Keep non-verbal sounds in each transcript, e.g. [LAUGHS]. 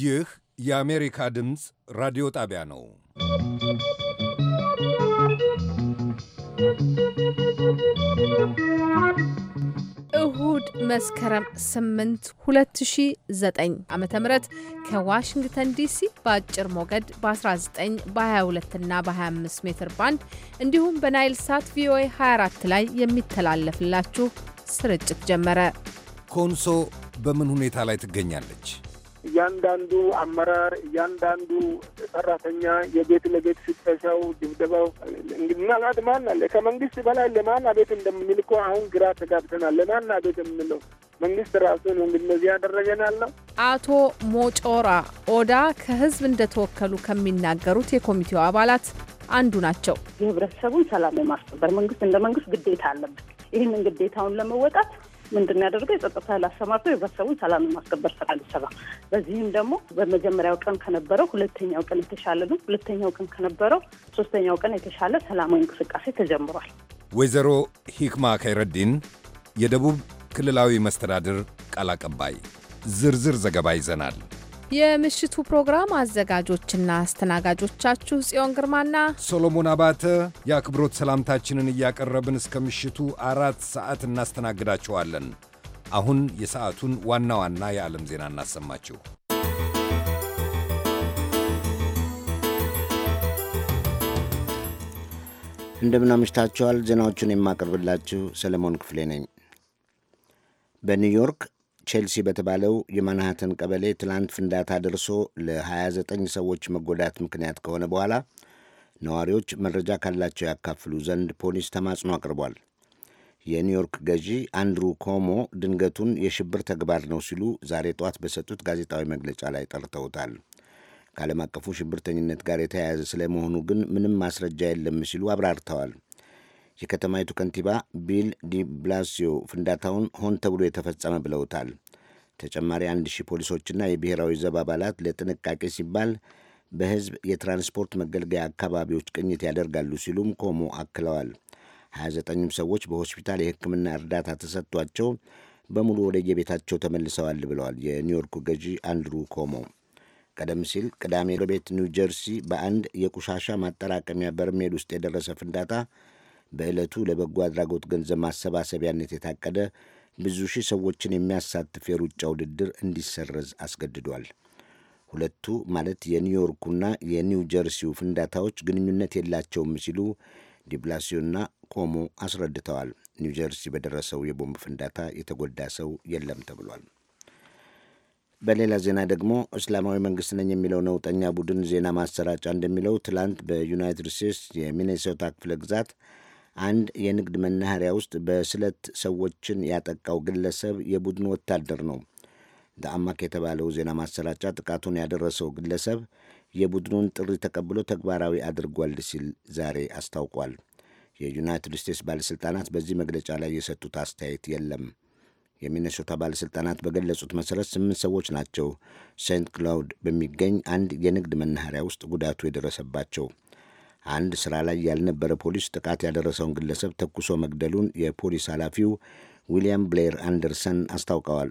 ይህ የአሜሪካ ድምፅ ራዲዮ ጣቢያ ነው። እሁድ መስከረም 8 2009 ዓ ም ከዋሽንግተን ዲሲ በአጭር ሞገድ በ19 በ22 እና በ25 ሜትር ባንድ እንዲሁም በናይል ሳት ቪኦኤ 24 ላይ የሚተላለፍላችሁ ስርጭት ጀመረ። ኮንሶ በምን ሁኔታ ላይ ትገኛለች? እያንዳንዱ አመራር፣ እያንዳንዱ ሰራተኛ የቤት ለቤት ፍተሻው፣ ድብደባው ምናልባት ማን አለ ከመንግስት በላይ ለማን አቤት እንደምንል እኮ አሁን ግራ ተጋብተናል። ለማን አቤት የምንለው መንግስት ራሱ ነው እንግዲህ እነዚህ ያደረገናል ነው። አቶ ሞጮራ ኦዳ ከህዝብ እንደተወከሉ ከሚናገሩት የኮሚቴው አባላት አንዱ ናቸው። የህብረተሰቡን ሰላም የማስከበር መንግስት እንደ መንግስት ግዴታ አለበት ይህንን ግዴታውን ለመወጣት ምንድን ያደርገው የጸጥታ ኃይል አሰማርቶ የህብረተሰቡን ሰላም ማስከበር ስራ ሊሰራ በዚህም ደግሞ በመጀመሪያው ቀን ከነበረው ሁለተኛው ቀን የተሻለ ነው። ሁለተኛው ቀን ከነበረው ሶስተኛው ቀን የተሻለ ሰላማዊ እንቅስቃሴ ተጀምሯል። ወይዘሮ ሂክማ ከይረዲን የደቡብ ክልላዊ መስተዳድር ቃል አቀባይ ዝርዝር ዘገባ ይዘናል። የምሽቱ ፕሮግራም አዘጋጆችና አስተናጋጆቻችሁ ጽዮን ግርማና ሶሎሞን አባተ የአክብሮት ሰላምታችንን እያቀረብን እስከ ምሽቱ አራት ሰዓት እናስተናግዳችኋለን። አሁን የሰዓቱን ዋና ዋና የዓለም ዜና እናሰማችሁ። እንደምን አምሽታችኋል። ዜናዎቹን የማቀርብላችሁ ሰለሞን ክፍሌ ነኝ። በኒውዮርክ ቼልሲ በተባለው የማንሃተን ቀበሌ ትላንት ፍንዳታ ደርሶ ለ29 ሰዎች መጎዳት ምክንያት ከሆነ በኋላ ነዋሪዎች መረጃ ካላቸው ያካፍሉ ዘንድ ፖሊስ ተማጽኖ አቅርቧል። የኒውዮርክ ገዢ አንድሩ ኮሞ ድንገቱን የሽብር ተግባር ነው ሲሉ ዛሬ ጠዋት በሰጡት ጋዜጣዊ መግለጫ ላይ ጠርተውታል። ከዓለም አቀፉ ሽብርተኝነት ጋር የተያያዘ ስለመሆኑ ግን ምንም ማስረጃ የለም ሲሉ አብራርተዋል። የከተማይቱ ከንቲባ ቢል ዲ ብላሲዮ ፍንዳታውን ሆን ተብሎ የተፈጸመ ብለውታል። ተጨማሪ አንድ ሺህ ፖሊሶችና የብሔራዊ ዘብ አባላት ለጥንቃቄ ሲባል በሕዝብ የትራንስፖርት መገልገያ አካባቢዎች ቅኝት ያደርጋሉ ሲሉም ኮሞ አክለዋል። 29ኙም ሰዎች በሆስፒታል የሕክምና እርዳታ ተሰጥቷቸው በሙሉ ወደ የቤታቸው ተመልሰዋል ብለዋል የኒውዮርኩ ገዢ አንድሩ ኮሞ። ቀደም ሲል ቅዳሜ ሮቤት ኒው ጀርሲ በአንድ የቆሻሻ ማጠራቀሚያ በርሜል ውስጥ የደረሰ ፍንዳታ በዕለቱ ለበጎ አድራጎት ገንዘብ ማሰባሰቢያነት የታቀደ ብዙ ሺህ ሰዎችን የሚያሳትፍ የሩጫ ውድድር እንዲሰረዝ አስገድዷል። ሁለቱ ማለት የኒውዮርኩና የኒው ጀርሲው ፍንዳታዎች ግንኙነት የላቸውም ሲሉ ዲብላሲዮና ኮሞ አስረድተዋል። ኒው ጀርሲ በደረሰው የቦምብ ፍንዳታ የተጎዳ ሰው የለም ተብሏል። በሌላ ዜና ደግሞ እስላማዊ መንግሥት ነኝ የሚለው ነውጠኛ ቡድን ዜና ማሰራጫ እንደሚለው ትላንት በዩናይትድ ስቴትስ የሚኔሶታ ክፍለ ግዛት አንድ የንግድ መናኸሪያ ውስጥ በስለት ሰዎችን ያጠቃው ግለሰብ የቡድኑ ወታደር ነው። ዳአማክ የተባለው ዜና ማሰራጫ ጥቃቱን ያደረሰው ግለሰብ የቡድኑን ጥሪ ተቀብሎ ተግባራዊ አድርጓል ሲል ዛሬ አስታውቋል። የዩናይትድ ስቴትስ ባለሥልጣናት በዚህ መግለጫ ላይ የሰጡት አስተያየት የለም። የሚነሶታ ባለሥልጣናት በገለጹት መሠረት ስምንት ሰዎች ናቸው ሴንት ክላውድ በሚገኝ አንድ የንግድ መናኸሪያ ውስጥ ጉዳቱ የደረሰባቸው። አንድ ስራ ላይ ያልነበረ ፖሊስ ጥቃት ያደረሰውን ግለሰብ ተኩሶ መግደሉን የፖሊስ ኃላፊው ዊልያም ብሌር አንደርሰን አስታውቀዋል።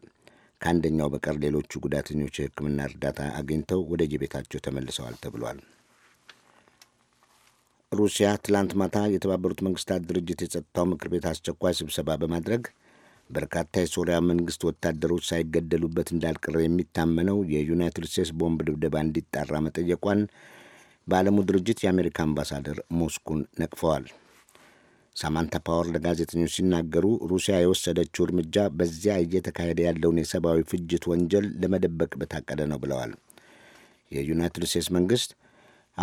ከአንደኛው በቀር ሌሎቹ ጉዳተኞች የሕክምና እርዳታ አግኝተው ወደ የቤታቸው ተመልሰዋል ተብሏል። ሩሲያ ትላንት ማታ የተባበሩት መንግስታት ድርጅት የጸጥታው ምክር ቤት አስቸኳይ ስብሰባ በማድረግ በርካታ የሶሪያ መንግስት ወታደሮች ሳይገደሉበት እንዳልቀረ የሚታመነው የዩናይትድ ስቴትስ ቦምብ ድብደባ እንዲጣራ መጠየቋን በዓለሙ ድርጅት የአሜሪካ አምባሳደር ሞስኩን ነቅፈዋል። ሳማንታ ፓወር ለጋዜጠኞች ሲናገሩ ሩሲያ የወሰደችው እርምጃ በዚያ እየተካሄደ ያለውን የሰብአዊ ፍጅት ወንጀል ለመደበቅ በታቀደ ነው ብለዋል። የዩናይትድ ስቴትስ መንግሥት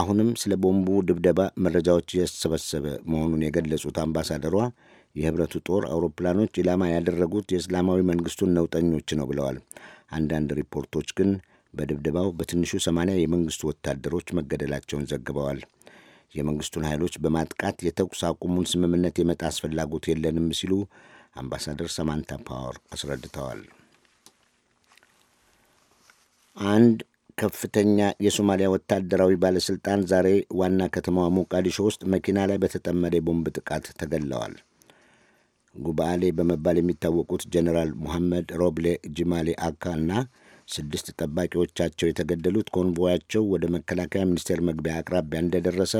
አሁንም ስለ ቦምቡ ድብደባ መረጃዎች እየተሰበሰበ መሆኑን የገለጹት አምባሳደሯ የህብረቱ ጦር አውሮፕላኖች ኢላማ ያደረጉት የእስላማዊ መንግስቱን ነውጠኞች ነው ብለዋል። አንዳንድ ሪፖርቶች ግን በድብደባው በትንሹ 80 የመንግስት ወታደሮች መገደላቸውን ዘግበዋል። የመንግስቱን ኃይሎች በማጥቃት የተኩስ አቁሙን ስምምነት የመጣስ ፍላጎት የለንም ሲሉ አምባሳደር ሰማንታ ፓወር አስረድተዋል። አንድ ከፍተኛ የሶማሊያ ወታደራዊ ባለሥልጣን ዛሬ ዋና ከተማዋ ሞቃዲሾ ውስጥ መኪና ላይ በተጠመደ የቦምብ ጥቃት ተገለዋል። ጉባኤሌ በመባል የሚታወቁት ጀኔራል ሙሐመድ ሮብሌ ጅማሌ አካ እና ስድስት ጠባቂዎቻቸው የተገደሉት ኮንቮያቸው ወደ መከላከያ ሚኒስቴር መግቢያ አቅራቢያ እንደደረሰ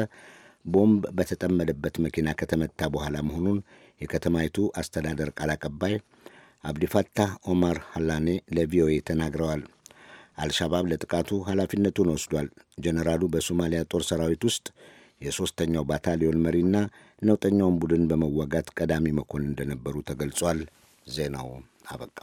ቦምብ በተጠመደበት መኪና ከተመታ በኋላ መሆኑን የከተማይቱ አስተዳደር ቃል አቀባይ አብዲፋታህ ኦማር ሀላኔ ለቪኦኤ ተናግረዋል። አልሻባብ ለጥቃቱ ኃላፊነቱን ወስዷል። ጀነራሉ በሶማሊያ ጦር ሰራዊት ውስጥ የሦስተኛው ባታሊዮን መሪና ነውጠኛውን ቡድን በመዋጋት ቀዳሚ መኮንን እንደነበሩ ተገልጿል። ዜናው አበቃ።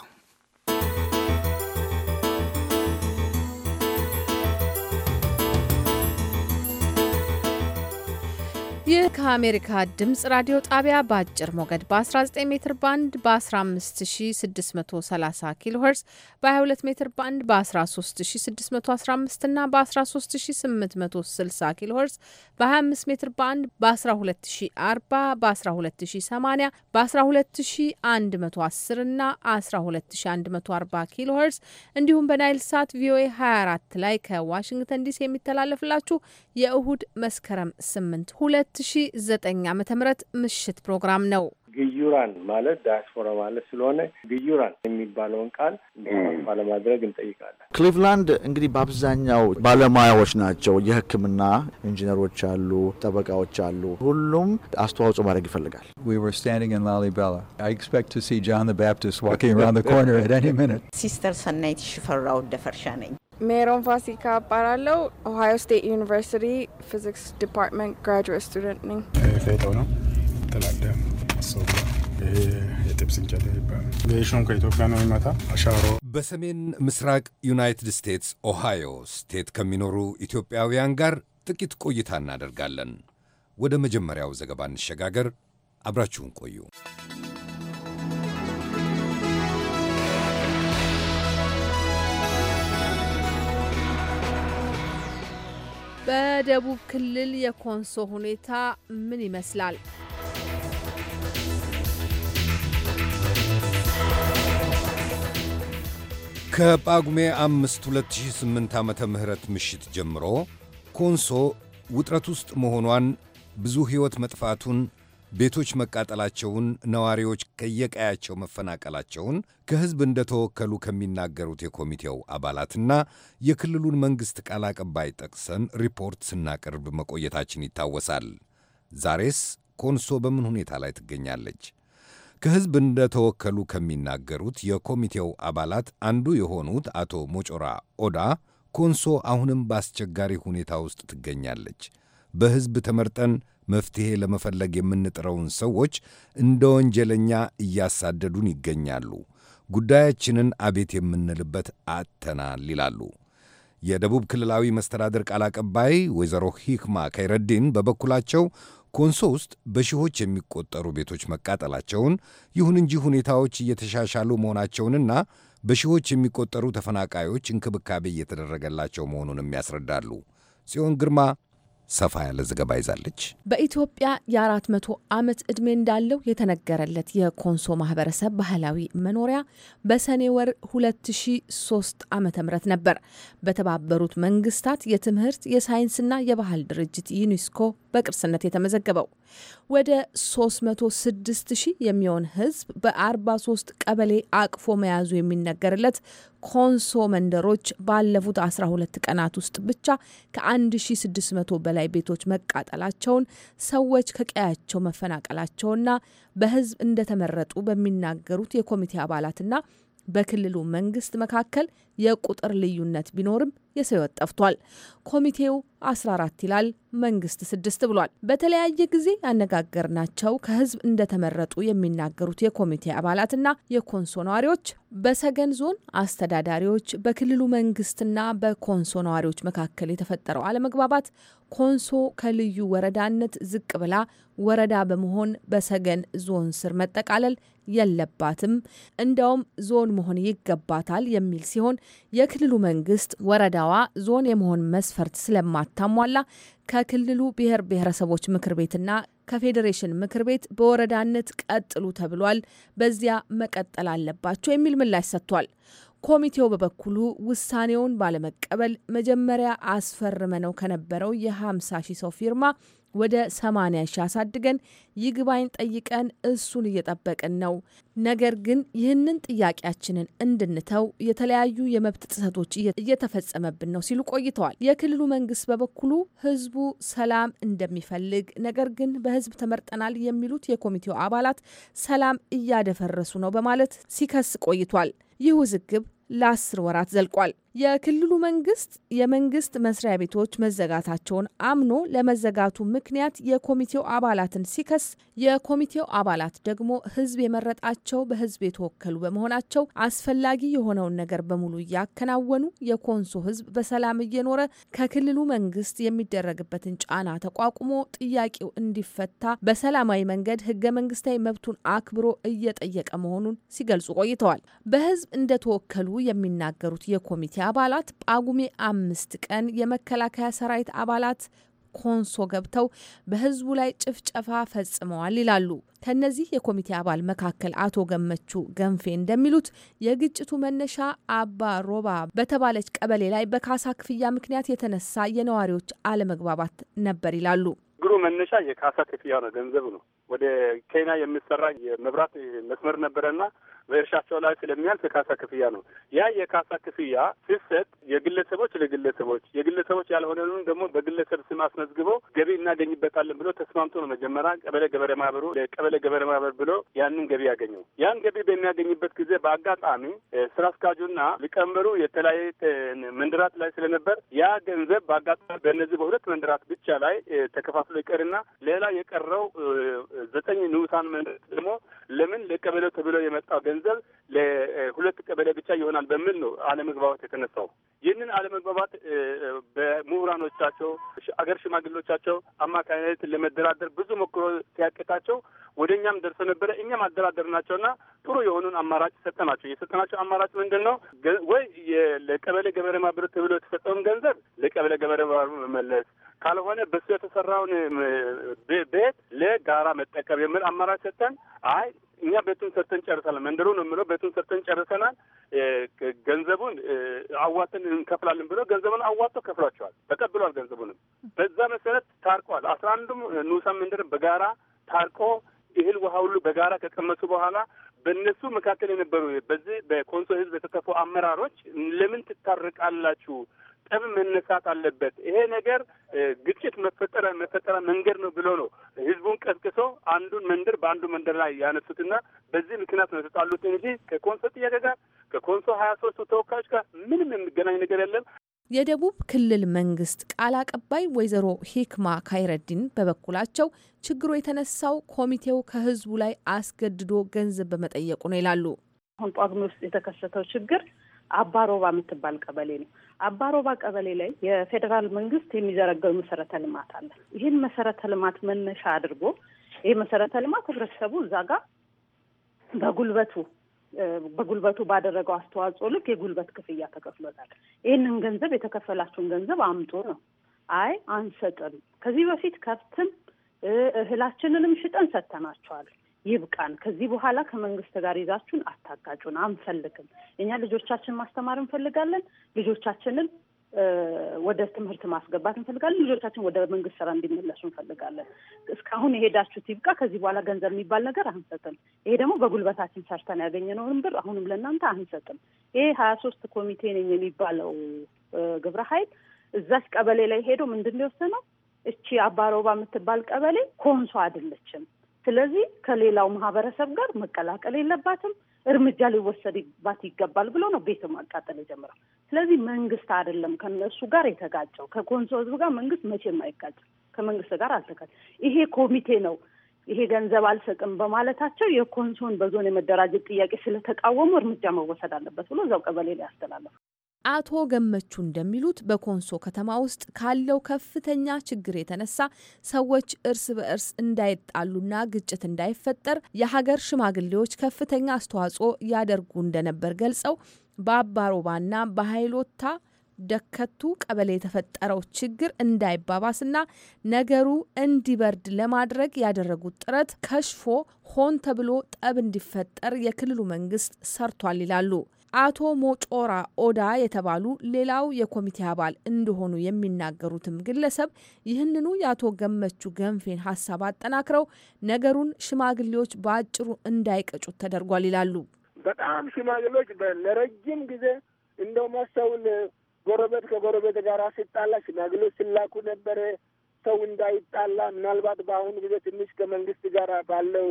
ይህ ከአሜሪካ ድምፅ ራዲዮ ጣቢያ በአጭር ሞገድ በ19 ሜትር ባንድ በ15630 ኪሎ ሄርስ በ22 ሜትር ባንድ በ13615 እና በ13860 ኪሎ ሄርስ በ25 ሜትር ባንድ በ12040 በ12080 በ12110 እና 12140 ኪሎ ሄርስ እንዲሁም በናይል ሳት ቪኦኤ 24 ላይ ከዋሽንግተን ዲሲ የሚተላለፍላችሁ የእሁድ መስከረም 8 2 2009 ዓ ም ምሽት ፕሮግራም ነው። ግዩራን ማለት ዳያስፖራ ማለት ስለሆነ ግዩራን የሚባለውን ቃል ለማድረግ እንጠይቃለን። ክሊቭላንድ እንግዲህ በአብዛኛው ባለሙያዎች ናቸው። የሕክምና ኢንጂነሮች አሉ፣ ጠበቃዎች አሉ። ሁሉም አስተዋጽኦ ማድረግ ይፈልጋል። ሲስተር ሰናይት ሽፈራው ደፈርሻ ነኝ። ሜሮን ፋሲካ እባላለሁ። ኦሃዮ ስቴት ዩኒቨርሲቲ ፊዚክስ ዲፓርትመንት ግራጁዌት ስቱደንት ነኝ። ፌጦ ነው ተላደ የጥብስ እንጨት ይባላል። ከኢትዮጵያ ነው አሻሮ በሰሜን ምስራቅ ዩናይትድ ስቴትስ ኦሃዮ ስቴት ከሚኖሩ ኢትዮጵያውያን ጋር ጥቂት ቆይታ እናደርጋለን። ወደ መጀመሪያው ዘገባ እንሸጋገር። አብራችሁን ቆዩ። በደቡብ ክልል የኮንሶ ሁኔታ ምን ይመስላል? ከጳጉሜ 5 2008 ዓ ም ምሽት ጀምሮ ኮንሶ ውጥረት ውስጥ መሆኗን ብዙ ሕይወት መጥፋቱን ቤቶች መቃጠላቸውን፣ ነዋሪዎች ከየቀያቸው መፈናቀላቸውን ከሕዝብ እንደተወከሉ ከሚናገሩት የኮሚቴው አባላትና የክልሉን መንግሥት ቃል አቀባይ ጠቅሰን ሪፖርት ስናቀርብ መቆየታችን ይታወሳል። ዛሬስ ኮንሶ በምን ሁኔታ ላይ ትገኛለች? ከሕዝብ እንደተወከሉ ከሚናገሩት የኮሚቴው አባላት አንዱ የሆኑት አቶ ሞጮራ ኦዳ ኮንሶ አሁንም በአስቸጋሪ ሁኔታ ውስጥ ትገኛለች። በሕዝብ ተመርጠን መፍትሔ ለመፈለግ የምንጥረውን ሰዎች እንደ ወንጀለኛ እያሳደዱን ይገኛሉ። ጉዳያችንን አቤት የምንልበት አጥተናል ይላሉ። የደቡብ ክልላዊ መስተዳድር ቃል አቀባይ ወይዘሮ ሂክማ ከይረዲን በበኩላቸው ኮንሶ ውስጥ በሺዎች የሚቆጠሩ ቤቶች መቃጠላቸውን፣ ይሁን እንጂ ሁኔታዎች እየተሻሻሉ መሆናቸውንና በሺዎች የሚቆጠሩ ተፈናቃዮች እንክብካቤ እየተደረገላቸው መሆኑንም ያስረዳሉ። ጽዮን ግርማ ሰፋ ያለ ዘገባ ይዛለች። በኢትዮጵያ የአራት መቶ ዓመት ዕድሜ እንዳለው የተነገረለት የኮንሶ ማህበረሰብ ባህላዊ መኖሪያ በሰኔ ወር 2003 ዓ ም ነበር በተባበሩት መንግስታት የትምህርት የሳይንስና የባህል ድርጅት ዩኒስኮ። በቅርስነት የተመዘገበው። ወደ 306 ሺህ የሚሆን ህዝብ በ43 ቀበሌ አቅፎ መያዙ የሚነገርለት ኮንሶ መንደሮች ባለፉት 12 ቀናት ውስጥ ብቻ ከ1600 በላይ ቤቶች መቃጠላቸውን፣ ሰዎች ከቀያቸው መፈናቀላቸውና በህዝብ እንደተመረጡ በሚናገሩት የኮሚቴ አባላትና በክልሉ መንግስት መካከል የቁጥር ልዩነት ቢኖርም የሰው ሕይወት ጠፍቷል። ኮሚቴው 14 ይላል፣ መንግስት ስድስት ብሏል። በተለያየ ጊዜ ያነጋገርናቸው ከህዝብ እንደተመረጡ የሚናገሩት የኮሚቴ አባላትና የኮንሶ ነዋሪዎች በሰገን ዞን አስተዳዳሪዎች፣ በክልሉ መንግስትና በኮንሶ ነዋሪዎች መካከል የተፈጠረው አለመግባባት ኮንሶ ከልዩ ወረዳነት ዝቅ ብላ ወረዳ በመሆን በሰገን ዞን ስር መጠቃለል የለባትም፣ እንደውም ዞን መሆን ይገባታል የሚል ሲሆን የክልሉ መንግስት ወረዳዋ ዞን የመሆን መስፈርት ስለማታሟላ ከክልሉ ብሔር ብሔረሰቦች ምክር ቤትና ከፌዴሬሽን ምክር ቤት በወረዳነት ቀጥሉ ተብሏል፣ በዚያ መቀጠል አለባቸው የሚል ምላሽ ሰጥቷል። ኮሚቴው በበኩሉ ውሳኔውን ባለመቀበል መጀመሪያ አስፈርመነው ከነበረው የ50 ሺህ ሰው ፊርማ ወደ 80 ሺህ አሳድገን ይግባኝ ጠይቀን እሱን እየጠበቅን ነው። ነገር ግን ይህንን ጥያቄያችንን እንድንተው የተለያዩ የመብት ጥሰቶች እየተፈጸመብን ነው ሲሉ ቆይተዋል። የክልሉ መንግስት በበኩሉ ህዝቡ ሰላም እንደሚፈልግ ነገር ግን በህዝብ ተመርጠናል የሚሉት የኮሚቴው አባላት ሰላም እያደፈረሱ ነው በማለት ሲከስ ቆይቷል። ይህ ውዝግብ ለአስር ወራት ዘልቋል። የክልሉ መንግስት የመንግስት መስሪያ ቤቶች መዘጋታቸውን አምኖ ለመዘጋቱ ምክንያት የኮሚቴው አባላትን ሲከስ የኮሚቴው አባላት ደግሞ ህዝብ የመረጣቸው በህዝብ የተወከሉ በመሆናቸው አስፈላጊ የሆነውን ነገር በሙሉ እያከናወኑ የኮንሶ ህዝብ በሰላም እየኖረ ከክልሉ መንግስት የሚደረግበትን ጫና ተቋቁሞ ጥያቄው እንዲፈታ በሰላማዊ መንገድ ህገ መንግስታዊ መብቱን አክብሮ እየጠየቀ መሆኑን ሲገልጹ ቆይተዋል። በህዝብ እንደተወከሉ የሚናገሩት የኮሚቴ አባላት ጳጉሜ አምስት ቀን የመከላከያ ሰራዊት አባላት ኮንሶ ገብተው በህዝቡ ላይ ጭፍጨፋ ፈጽመዋል ይላሉ። ከነዚህ የኮሚቴ አባል መካከል አቶ ገመቹ ገንፌ እንደሚሉት የግጭቱ መነሻ አባ ሮባ በተባለች ቀበሌ ላይ በካሳ ክፍያ ምክንያት የተነሳ የነዋሪዎች አለመግባባት ነበር ይላሉ። ችግሩ መነሻ የካሳ ክፍያ ነው፣ ገንዘብ ነው። ወደ ኬንያ የሚሰራ የመብራት መስመር ነበረና በእርሻቸው ላይ ስለሚያልፍ የካሳ ክፍያ ነው። ያ የካሳ ክፍያ ሲሰጥ የግለሰቦች ለግለሰቦች የግለሰቦች ያልሆነውን ደግሞ በግለሰብ ስም አስመዝግበው ገቢ እናገኝበታለን ብሎ ተስማምቶ ነው መጀመሪያ ቀበሌ ገበሬ ማህበሩ ለቀበሌ ገበሬ ማህበር ብሎ ያንን ገቢ ያገኘው። ያን ገቢ በሚያገኝበት ጊዜ በአጋጣሚ ስራ አስኪያጁና ሊቀመንበሩ የተለያየ መንደራት ላይ ስለነበር ያ ገንዘብ በአጋጣሚ በእነዚህ በሁለት መንደራት ብቻ ላይ ተከፋፍሎ ይቀርና ሌላ የቀረው ዘጠኝ ንዑሳን መንደራት ደግሞ ለምን ለቀበሌው ተብሎ የመጣው ገንዘብ ለሁለት ቀበሌ ብቻ ይሆናል በሚል ነው አለመግባባት የተነሳው። ይህንን አለመግባባት በምሁራኖቻቸው አገር ሽማግሌዎቻቸው አማካኝነት ለመደራደር ብዙ ሞክሮ ሲያቅታቸው ወደ እኛም ደርሶ ነበረ። እኛም አደራደር ናቸውና ጥሩ የሆኑን አማራጭ ሰጠናቸው። የሰጠናቸው አማራጭ ምንድን ነው? ወይ ለቀበሌ ገበሬ ማህበር ተብሎ የተሰጠውን ገንዘብ ለቀበሌ ገበሬ ማህበር መመለስ ካልሆነ በሱ የተሰራውን ቤት ለጋራ መጠቀም የሚል አማራጭ ሰጠን። አይ እኛ ቤቱን ሰጥተን ጨርሰናል፣ መንደሩ ነው የምለው ቤቱን ሰጥተን ጨርሰናል፣ ገንዘቡን አዋተን እንከፍላለን ብሎ ገንዘቡን አዋቶ ከፍሏቸዋል፣ ተቀብሏል። ገንዘቡንም በዛ መሰረት ታርቋል። አስራ አንዱም ንዑሳ መንደር በጋራ ታርቆ እህል ውሃ ሁሉ በጋራ ከቀመሱ በኋላ በእነሱ መካከል የነበሩ በዚህ በኮንሶ ህዝብ የተከፉ አመራሮች ለምን ትታርቃላችሁ? ጠብ መነሳት አለበት። ይሄ ነገር ግጭት መፈጠረ መፈጠረ መንገድ ነው ብሎ ነው ህዝቡን ቀስቅሶ አንዱን መንደር በአንዱ መንደር ላይ ያነሱትና በዚህ ምክንያት ነው የተጣሉት እንጂ ከኮንሶ ጥያቄ ጋር ከኮንሶ ሀያ ሶስቱ ተወካዮች ጋር ምንም የሚገናኝ ነገር የለም። የደቡብ ክልል መንግስት ቃል አቀባይ ወይዘሮ ሂክማ ካይረዲን በበኩላቸው ችግሩ የተነሳው ኮሚቴው ከህዝቡ ላይ አስገድዶ ገንዘብ በመጠየቁ ነው ይላሉ። አሁን ጳጉሜ ውስጥ የተከሰተው ችግር አባሮባ የምትባል ቀበሌ ነው። አባሮባ ቀበሌ ላይ የፌዴራል መንግስት የሚዘረጋው መሰረተ ልማት አለ። ይህን መሰረተ ልማት መነሻ አድርጎ ይህ መሰረተ ልማት ህብረተሰቡ እዛ ጋር በጉልበቱ በጉልበቱ ባደረገው አስተዋጽኦ ልክ የጉልበት ክፍያ ተከፍሎታል። ይህንን ገንዘብ የተከፈላችሁን ገንዘብ አምጡ ነው። አይ አንሰጥም፣ ከዚህ በፊት ከብትም እህላችንንም ሽጠን ሰጥተናቸዋል። ይብቃን፣ ከዚህ በኋላ ከመንግስት ጋር ይዛችሁን አታጋጩን፣ አንፈልግም። እኛ ልጆቻችን ማስተማር እንፈልጋለን። ልጆቻችንን ወደ ትምህርት ማስገባት እንፈልጋለን። ልጆቻችን ወደ መንግስት ስራ እንዲመለሱ እንፈልጋለን። እስካሁን የሄዳችሁት ይብቃ። ከዚህ በኋላ ገንዘብ የሚባል ነገር አንሰጥም። ይሄ ደግሞ በጉልበታችን ሰርተን ያገኘነውን ብር አሁንም ለእናንተ አንሰጥም። ይሄ ሀያ ሶስት ኮሚቴ ነኝ የሚባለው ግብረ ኃይል እዛች ቀበሌ ላይ ሄዶ ምንድን ነው የወሰነው? እቺ አባሮባ የምትባል ቀበሌ ኮንሶ አይደለችም። ስለዚህ ከሌላው ማህበረሰብ ጋር መቀላቀል የለባትም፣ እርምጃ ሊወሰድባት ይገባል ብሎ ነው ቤት ማቃጠል የጀመረው። ስለዚህ መንግስት አይደለም ከነሱ ጋር የተጋጨው። ከኮንሶ ህዝብ ጋር መንግስት መቼም አይጋጭም። ከመንግስት ጋር አልተጋጭ። ይሄ ኮሚቴ ነው ይሄ ገንዘብ አልሰጥም በማለታቸው የኮንሶን በዞን የመደራጀት ጥያቄ ስለተቃወሙ እርምጃ መወሰድ አለበት ብሎ እዛው ቀበሌ ላይ ያስተላለፉ አቶ ገመቹ እንደሚሉት በኮንሶ ከተማ ውስጥ ካለው ከፍተኛ ችግር የተነሳ ሰዎች እርስ በእርስ እንዳይጣሉና ግጭት እንዳይፈጠር የሀገር ሽማግሌዎች ከፍተኛ አስተዋጽኦ ያደርጉ እንደነበር ገልጸው በአባሮባና በሀይሎታ ደከቱ ቀበሌ የተፈጠረው ችግር እንዳይባባስና ነገሩ እንዲበርድ ለማድረግ ያደረጉት ጥረት ከሽፎ ሆን ተብሎ ጠብ እንዲፈጠር የክልሉ መንግስት ሰርቷል ይላሉ። አቶ ሞጮራ ኦዳ የተባሉ ሌላው የኮሚቴ አባል እንደሆኑ የሚናገሩትም ግለሰብ ይህንኑ የአቶ ገመቹ ገንፌን ሀሳብ አጠናክረው ነገሩን ሽማግሌዎች በአጭሩ እንዳይቀጩት ተደርጓል ይላሉ። በጣም ሽማግሌዎች ለረጅም ጊዜ እንደው ማሰውን ጎረቤት ከጎረቤት ጋር ሲጣላ ሽማግሌዎች ሲላኩ ነበረ ሰው እንዳይጣላ ምናልባት በአሁኑ ጊዜ ትንሽ ከመንግስት ጋር ባለው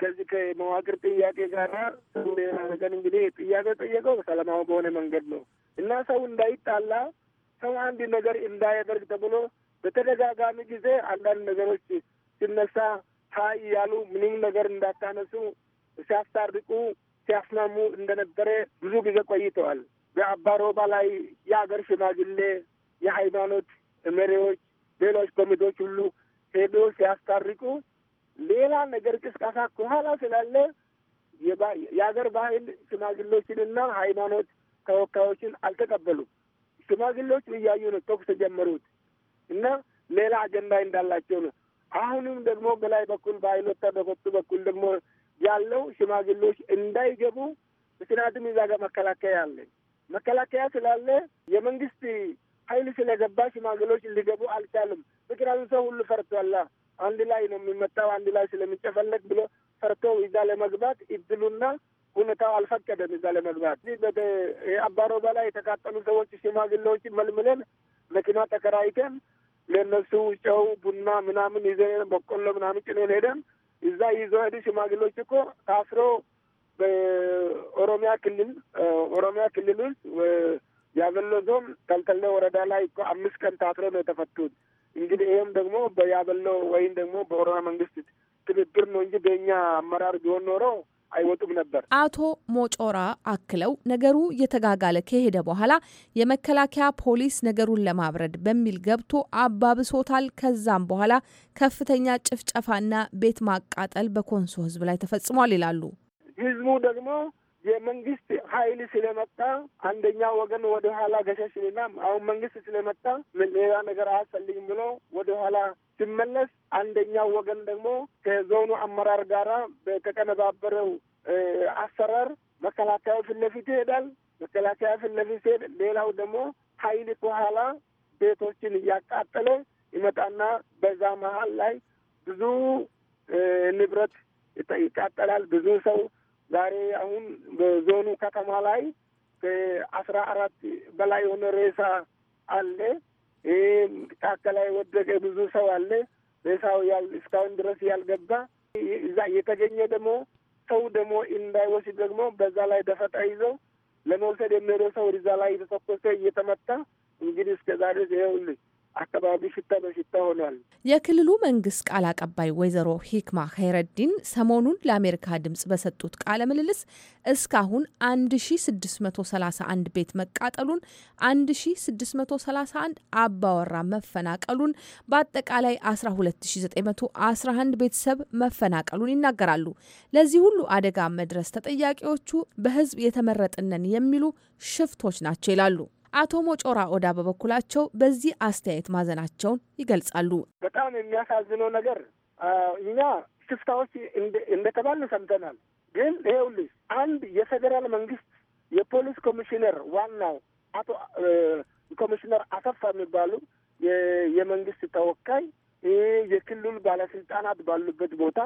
ከዚህ ከመዋቅር ጥያቄ ጋራ ነገር እንግዲህ ጥያቄ ጠየቀው ሰላማዊ በሆነ መንገድ ነው እና ሰው እንዳይጣላ ሰው አንድ ነገር እንዳያደርግ ተብሎ በተደጋጋሚ ጊዜ አንዳንድ ነገሮች ሲነሳ ታይ እያሉ ምንም ነገር እንዳታነሱ ሲያስታርቁ ሲያስማሙ እንደነበረ ብዙ ጊዜ ቆይተዋል። በአባሮባ ላይ የአገር ሽማግሌ፣ የሃይማኖት መሪዎች፣ ሌሎች ኮሚቴዎች ሁሉ ሄዶ ሲያስታርቁ ሌላ ነገር ቅስቀሳ ከኋላ ስላለ የሀገር ባህል ሽማግሌዎችንና ሃይማኖት ተወካዮችን አልተቀበሉም። ሽማግሌዎች እያዩ ነው ተኩስ ተጀመሩት እና ሌላ አጀንዳ እንዳላቸው ነው። አሁንም ደግሞ በላይ በኩል በኃይል ወታደሮቹ በኩል ደግሞ ያለው ሽማግሌዎች እንዳይገቡ ምክንያቱም እዛ ጋር መከላከያ አለ። መከላከያ ስላለ የመንግስት ኃይል ስለገባ ሽማግሌዎች ሊገቡ አልቻሉም። ምክንያቱም ሰው ሁሉ ፈርቷላ። አንድ ላይ ነው የሚመጣው አንድ ላይ ስለሚጨፈለግ ብሎ ፈርቶ እዛ ለመግባት እድሉና ሁኔታው አልፈቀደም። እዛ ለመግባት አባሮባ ላይ የተቃጠሉ ሰዎች ሽማግሌዎች መልምለን መኪና ተከራይተን ለእነሱ ጨው፣ ቡና ምናምን ይዘን በቆሎ ምናምን ጭነን ሄደን እዛ ይዞ ሄድ ሽማግሌዎች እኮ ታስሮ በኦሮሚያ ክልል ኦሮሚያ ክልል ውስጥ የአበሎ ዞን ተልተለ ወረዳ ላይ እኮ አምስት ቀን ታስሮ ነው የተፈቱት። እንግዲህ ይህም ደግሞ በያበለው ወይም ደግሞ በኦሮሚያ መንግስት ትብብር ነው እንጂ በእኛ አመራር ቢሆን ኖረው አይወጡም ነበር። አቶ ሞጮራ አክለው ነገሩ እየተጋጋለ ከሄደ በኋላ የመከላከያ ፖሊስ ነገሩን ለማብረድ በሚል ገብቶ አባብሶታል። ከዛም በኋላ ከፍተኛ ጭፍጨፋና ቤት ማቃጠል በኮንሶ ህዝብ ላይ ተፈጽሟል ይላሉ። ህዝቡ ደግሞ የመንግስት ኃይል ስለመጣ አንደኛ ወገን ወደ ኋላ ገሸሽንና አሁን መንግስት ስለመጣ ሌላ ነገር አያስፈልግም ብሎ ወደ ኋላ ሲመለስ አንደኛው ወገን ደግሞ ከዞኑ አመራር ጋራ በተቀነባበረው አሰራር መከላከያ ፊት ለፊት ይሄዳል። መከላከያ ፊት ለፊት ሲሄድ ሌላው ደግሞ ኃይል ከኋላ ቤቶችን እያቃጠለ ይመጣና በዛ መሀል ላይ ብዙ ንብረት ይቃጠላል። ብዙ ሰው ዛሬ አሁን በዞኑ ከተማ ላይ ከአስራ አራት በላይ የሆነ ሬሳ አለ። ይህ ጫካ ላይ ወደቀ ብዙ ሰው አለ። ሬሳው እስካሁን ድረስ ያልገባ እዛ የተገኘ ደግሞ ሰው ደግሞ እንዳይወስድ ደግሞ በዛ ላይ ደፈጣ ይዘው ለመውሰድ የሚሄደው ሰው ሪዛ ላይ የተተኮሰ እየተመታ እንግዲህ እስከ ዛሬ ይኸውልህ አካባቢ ሽታ በሽታ ሆኗል። የክልሉ መንግስት ቃል አቀባይ ወይዘሮ ሂክማ ኸይረዲን ሰሞኑን ለአሜሪካ ድምጽ በሰጡት ቃለ ምልልስ እስካሁን 1631 ቤት መቃጠሉን፣ 1631 አባወራ መፈናቀሉን፣ በአጠቃላይ 12911 ቤተሰብ መፈናቀሉን ይናገራሉ። ለዚህ ሁሉ አደጋ መድረስ ተጠያቂዎቹ በህዝብ የተመረጥነን የሚሉ ሽፍቶች ናቸው ይላሉ። አቶ ሞጮራ ኦዳ በበኩላቸው በዚህ አስተያየት ማዘናቸውን ይገልጻሉ። በጣም የሚያሳዝነው ነገር እኛ ሽፍታዎች እንደተባልን ሰምተናል። ግን ይኸውልህ አንድ የፌዴራል መንግስት የፖሊስ ኮሚሽነር ዋናው አቶ ኮሚሽነር አሰፋ የሚባሉ የመንግስት ተወካይ የክልሉ ባለስልጣናት ባሉበት ቦታ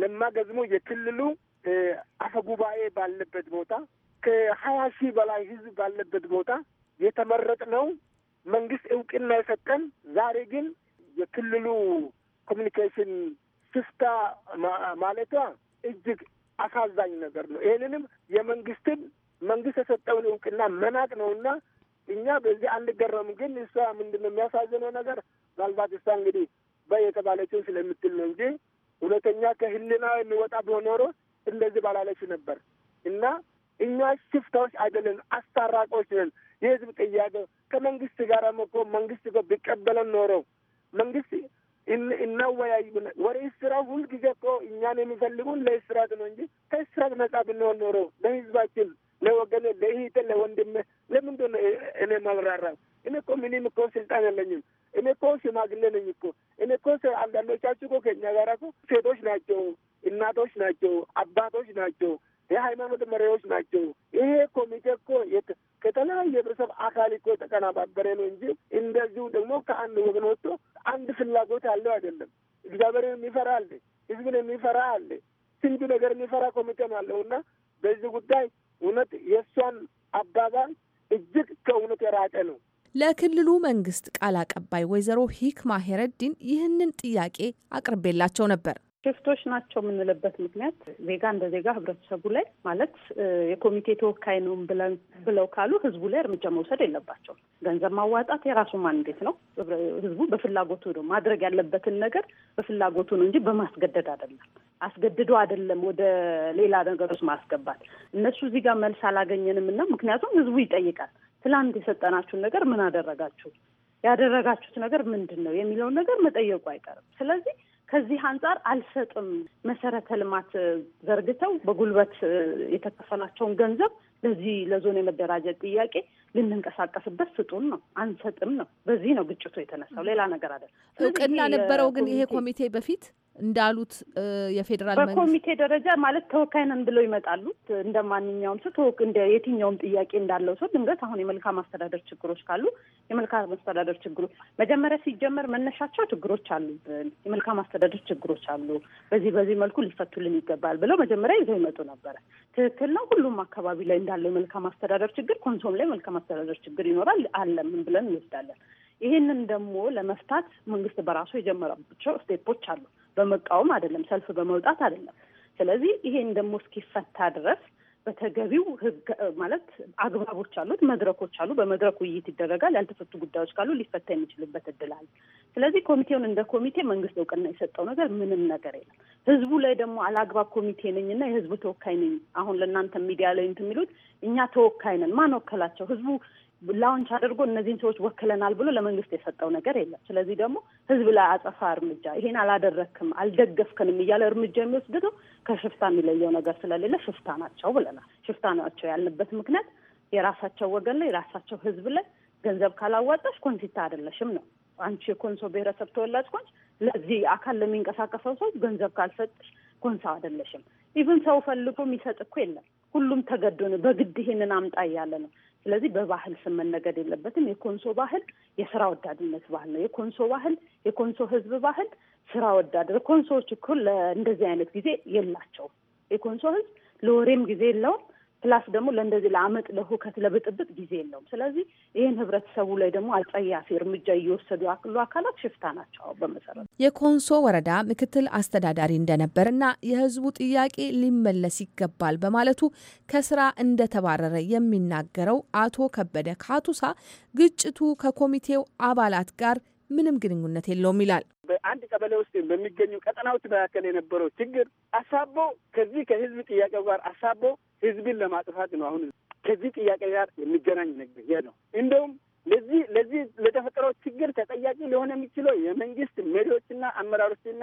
ለማ የክልሉ አፈጉባኤ ባለበት ቦታ ከሀያ ሺህ በላይ ህዝብ ባለበት ቦታ የተመረጥነው መንግስት እውቅና የሰጠን ዛሬ ግን የክልሉ ኮሚኒኬሽን ስስታ ማለቷ እጅግ አሳዛኝ ነገር ነው። ይህንንም የመንግስትን መንግስት የሰጠውን እውቅና መናቅ ነውና እኛ በዚህ አንገረም። ግን እሷ ምንድን ነው የሚያሳዝነው ነገር ምናልባት እሷ እንግዲህ በይ የተባለችውን ስለምትል ነው እንጂ እውነተኛ ከህልና የሚወጣ ቢሆን ኖሮ እንደዚህ ባላለች ነበር እና እኛ ሽፍታዎች አይደለን፣ አስታራቆች ነን። የህዝብ ጥያቄ ከመንግስት ጋር እኮ መንግስት እኮ ቢቀበለን ኖረው መንግስት እናወያዩ ወደ ስራ ሁልጊዜ እኮ እኛን የሚፈልጉን ለስራት ነው እንጂ ከስራት ነጻ ብንሆን ኖሮ ለህዝባችን፣ ለወገን፣ ለእህቴ፣ ለወንድም ለምንድን ነው እኔ ማብራራ? እኔ እኮ ምንም እኮ ስልጣን የለኝም። እኔ እኮ ሽማግሌ ነኝ እኮ እኔ እኮ አንዳንዶቻችሁ እኮ ከእኛ ጋር እኮ ሴቶች ናቸው፣ እናቶች ናቸው፣ አባቶች ናቸው፣ የሃይማኖት መሪዎች ናቸው። ይሄ ኮሚቴ እኮ ከተለያየ ህብረተሰብ አካል እኮ የተቀናባበረ ነው እንጂ እንደዚሁ ደግሞ ከአንድ ወገን ወጥቶ አንድ ፍላጎት ያለው አይደለም። እግዚአብሔርን የሚፈራ አለ፣ ህዝብን የሚፈራ አለ፣ ስንቱ ነገር የሚፈራ ኮሚቴ ነው ያለው እና በዚህ ጉዳይ እውነት የእሷን አባባል እጅግ ከእውነት የራቀ ነው። ለክልሉ መንግስት ቃል አቀባይ ወይዘሮ ሂክማ ሄረዲን ይህንን ጥያቄ አቅርቤላቸው ነበር። ሽፍቶች ናቸው የምንልበት ምክንያት ዜጋ እንደ ዜጋ ህብረተሰቡ ላይ ማለት የኮሚቴ ተወካይ ነው ብለው ካሉ ህዝቡ ላይ እርምጃ መውሰድ የለባቸው። ገንዘብ ማዋጣት የራሱ ማንዴት ነው። ህዝቡ በፍላጎቱ ነው ማድረግ ያለበትን ነገር በፍላጎቱ ነው እንጂ በማስገደድ አይደለም። አስገድዶ አይደለም ወደ ሌላ ነገሮች ማስገባት። እነሱ እዚህ ጋር መልስ አላገኘንም እና ምክንያቱም ህዝቡ ይጠይቃል። ትላንት የሰጠናችሁን ነገር ምን አደረጋችሁ? ያደረጋችሁት ነገር ምንድን ነው የሚለውን ነገር መጠየቁ አይቀርም። ስለዚህ ከዚህ አንጻር አልሰጥም መሰረተ ልማት ዘርግተው በጉልበት የተከፈላቸውን ገንዘብ ለዚህ ለዞን የመደራጀት ጥያቄ ልንንቀሳቀስበት ስጡን ነው፣ አንሰጥም ነው። በዚህ ነው ግጭቱ የተነሳው፣ ሌላ ነገር አይደለም። እውቅና ነበረው ግን ይሄ ኮሚቴ በፊት እንዳሉት የፌዴራል በኮሚቴ ደረጃ ማለት ተወካይ ነን ብለው ይመጣሉ። እንደ ማንኛውም ሰው እንደ የትኛውም ጥያቄ እንዳለው ሰው ድንገት አሁን የመልካም አስተዳደር ችግሮች ካሉ የመልካም አስተዳደር ችግሮች መጀመሪያ ሲጀመር መነሻቸው ችግሮች አሉብን፣ የመልካም አስተዳደር ችግሮች አሉ፣ በዚህ በዚህ መልኩ ሊፈቱልን ይገባል ብለው መጀመሪያ ይዘው ይመጡ ነበረ። ትክክል ነው። ሁሉም አካባቢ ላይ እንዳለው የመልካም አስተዳደር ችግር ኮንሶም ላይ መልካም አስተዳደር ችግር ይኖራል አለምን ብለን እንወስዳለን። ይህንን ደግሞ ለመፍታት መንግስት በራሱ የጀመረባቸው ስቴፖች አሉ። በመቃወም አይደለም፣ ሰልፍ በመውጣት አይደለም። ስለዚህ ይሄን ደግሞ እስኪፈታ ድረስ በተገቢው ህግ ማለት አግባቦች አሉት፣ መድረኮች አሉ። በመድረክ ውይይት ይደረጋል። ያልተፈቱ ጉዳዮች ካሉ ሊፈታ የሚችልበት እድል አለ። ስለዚህ ኮሚቴውን እንደ ኮሚቴ መንግስት እውቅና የሰጠው ነገር ምንም ነገር የለም። ህዝቡ ላይ ደግሞ አላግባብ ኮሚቴ ነኝ እና የህዝቡ ተወካይ ነኝ አሁን ለእናንተ ሚዲያ ላይ እንትን የሚሉት እኛ ተወካይ ነን። ማን ወከላቸው? ህዝቡ ላውንች አድርጎ እነዚህን ሰዎች ወክለናል ብሎ ለመንግስት የሰጠው ነገር የለም። ስለዚህ ደግሞ ህዝብ ላይ አጸፋ እርምጃ ይሄን አላደረክም አልደገፍክንም እያለ እርምጃ የሚወስድ ከሽፍታ የሚለየው ነገር ስለሌለ ሽፍታ ናቸው ብለናል። ሽፍታ ናቸው ያልንበት ምክንያት የራሳቸው ወገን ላይ የራሳቸው ህዝብ ላይ ገንዘብ ካላዋጣሽ ኮንሲታ አይደለሽም ነው። አንቺ የኮንሶ ብሔረሰብ ተወላጅ ኮንች ለዚህ አካል ለሚንቀሳቀሰው ሰው ገንዘብ ካልሰጥሽ ኮንሶ አይደለሽም። ኢቭን ሰው ፈልጎ የሚሰጥ እኮ የለም። ሁሉም ተገዶ ነው፣ በግድ ይሄንን አምጣ እያለ ነው። ስለዚህ በባህል ስም መነገድ የለበትም። የኮንሶ ባህል የስራ ወዳድነት ባህል ነው። የኮንሶ ባህል የኮንሶ ህዝብ ባህል ስራ ወዳድ። ኮንሶዎች እኮ እንደዚህ አይነት ጊዜ የላቸውም። የኮንሶ ህዝብ ለወሬም ጊዜ የለውም። ፕላስ ደግሞ ለእንደዚህ ለአመጥ፣ ለሁከት፣ ለብጥብጥ ጊዜ የለውም። ስለዚህ ይህን ህብረተሰቡ ላይ ደግሞ አጸያፊ እርምጃ እየወሰዱ ያሉ አካላት ሽፍታ ናቸው። በመሰረቱ የኮንሶ ወረዳ ምክትል አስተዳዳሪ እንደነበር እና የህዝቡ ጥያቄ ሊመለስ ይገባል በማለቱ ከስራ እንደተባረረ የሚናገረው አቶ ከበደ ካቱሳ ግጭቱ ከኮሚቴው አባላት ጋር ምንም ግንኙነት የለውም ይላል። በአንድ ቀበሌ ውስጥ በሚገኙ ቀጠናዎች መካከል የነበረው ችግር አሳቦ ከዚህ ከህዝብ ጥያቄው ጋር አሳቦ ህዝብን ለማጥፋት ነው። አሁን ከዚህ ጥያቄ ጋር የሚገናኝ ነገር ነው። እንደውም ለዚህ ለዚህ ለተፈጠረው ችግር ተጠያቂ ሊሆን የሚችለው የመንግስት መሪዎችና አመራሮችና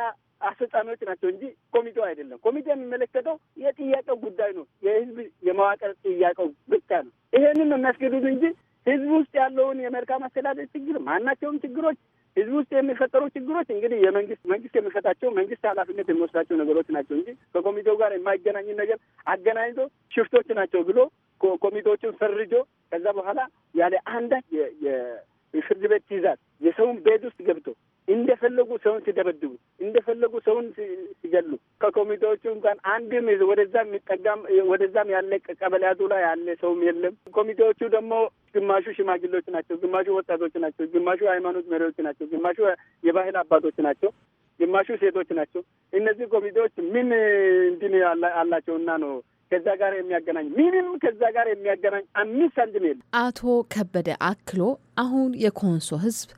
አስፈጻሚዎች ናቸው እንጂ ኮሚቴው አይደለም። ኮሚቴ የሚመለከተው የጥያቄው ጉዳይ ነው። የህዝብ የመዋቅር ጥያቄው ብቻ ነው። ይሄንን ነው የሚያስገዱት እንጂ ህዝብ ውስጥ ያለውን የመልካም አስተዳደር ችግር ማናቸውም ችግሮች ህዝብ ውስጥ የሚፈጠሩ ችግሮች እንግዲህ የመንግስት መንግስት የሚፈታቸው መንግስት ኃላፊነት የሚወስዳቸው ነገሮች ናቸው እንጂ ከኮሚቴው ጋር የማይገናኝን ነገር አገናኝቶ ሽፍቶች ናቸው ብሎ ኮሚቴዎችን ፈርጆ ከዛ በኋላ ያለ አንዳች የፍርድ ቤት ትዕዛዝ የሰውን ቤት ውስጥ ገብቶ እንደፈለጉ ሰውን ሲደበድቡ፣ እንደፈለጉ ሰውን ሲገሉ ከኮሚቴዎቹ እንኳን አንድም ወደዛ የሚጠጋም ወደዛም ያለ ቀበሌ ያዙ ላይ ያለ ሰውም የለም። ኮሚቴዎቹ ደግሞ ግማሹ ሽማግሌዎች ናቸው፣ ግማሹ ወጣቶች ናቸው፣ ግማሹ ሃይማኖት መሪዎች ናቸው፣ ግማሹ የባህል አባቶች ናቸው፣ ግማሹ ሴቶች ናቸው። እነዚህ ኮሚቴዎች ምን እንትን አላቸውና ነው ከዛ ጋር የሚያገናኝ ምንም ከዛ ጋር የሚያገናኝ አምስት ሳንቲም የለም። አቶ ከበደ አክሎ አሁን የኮንሶ ህዝብ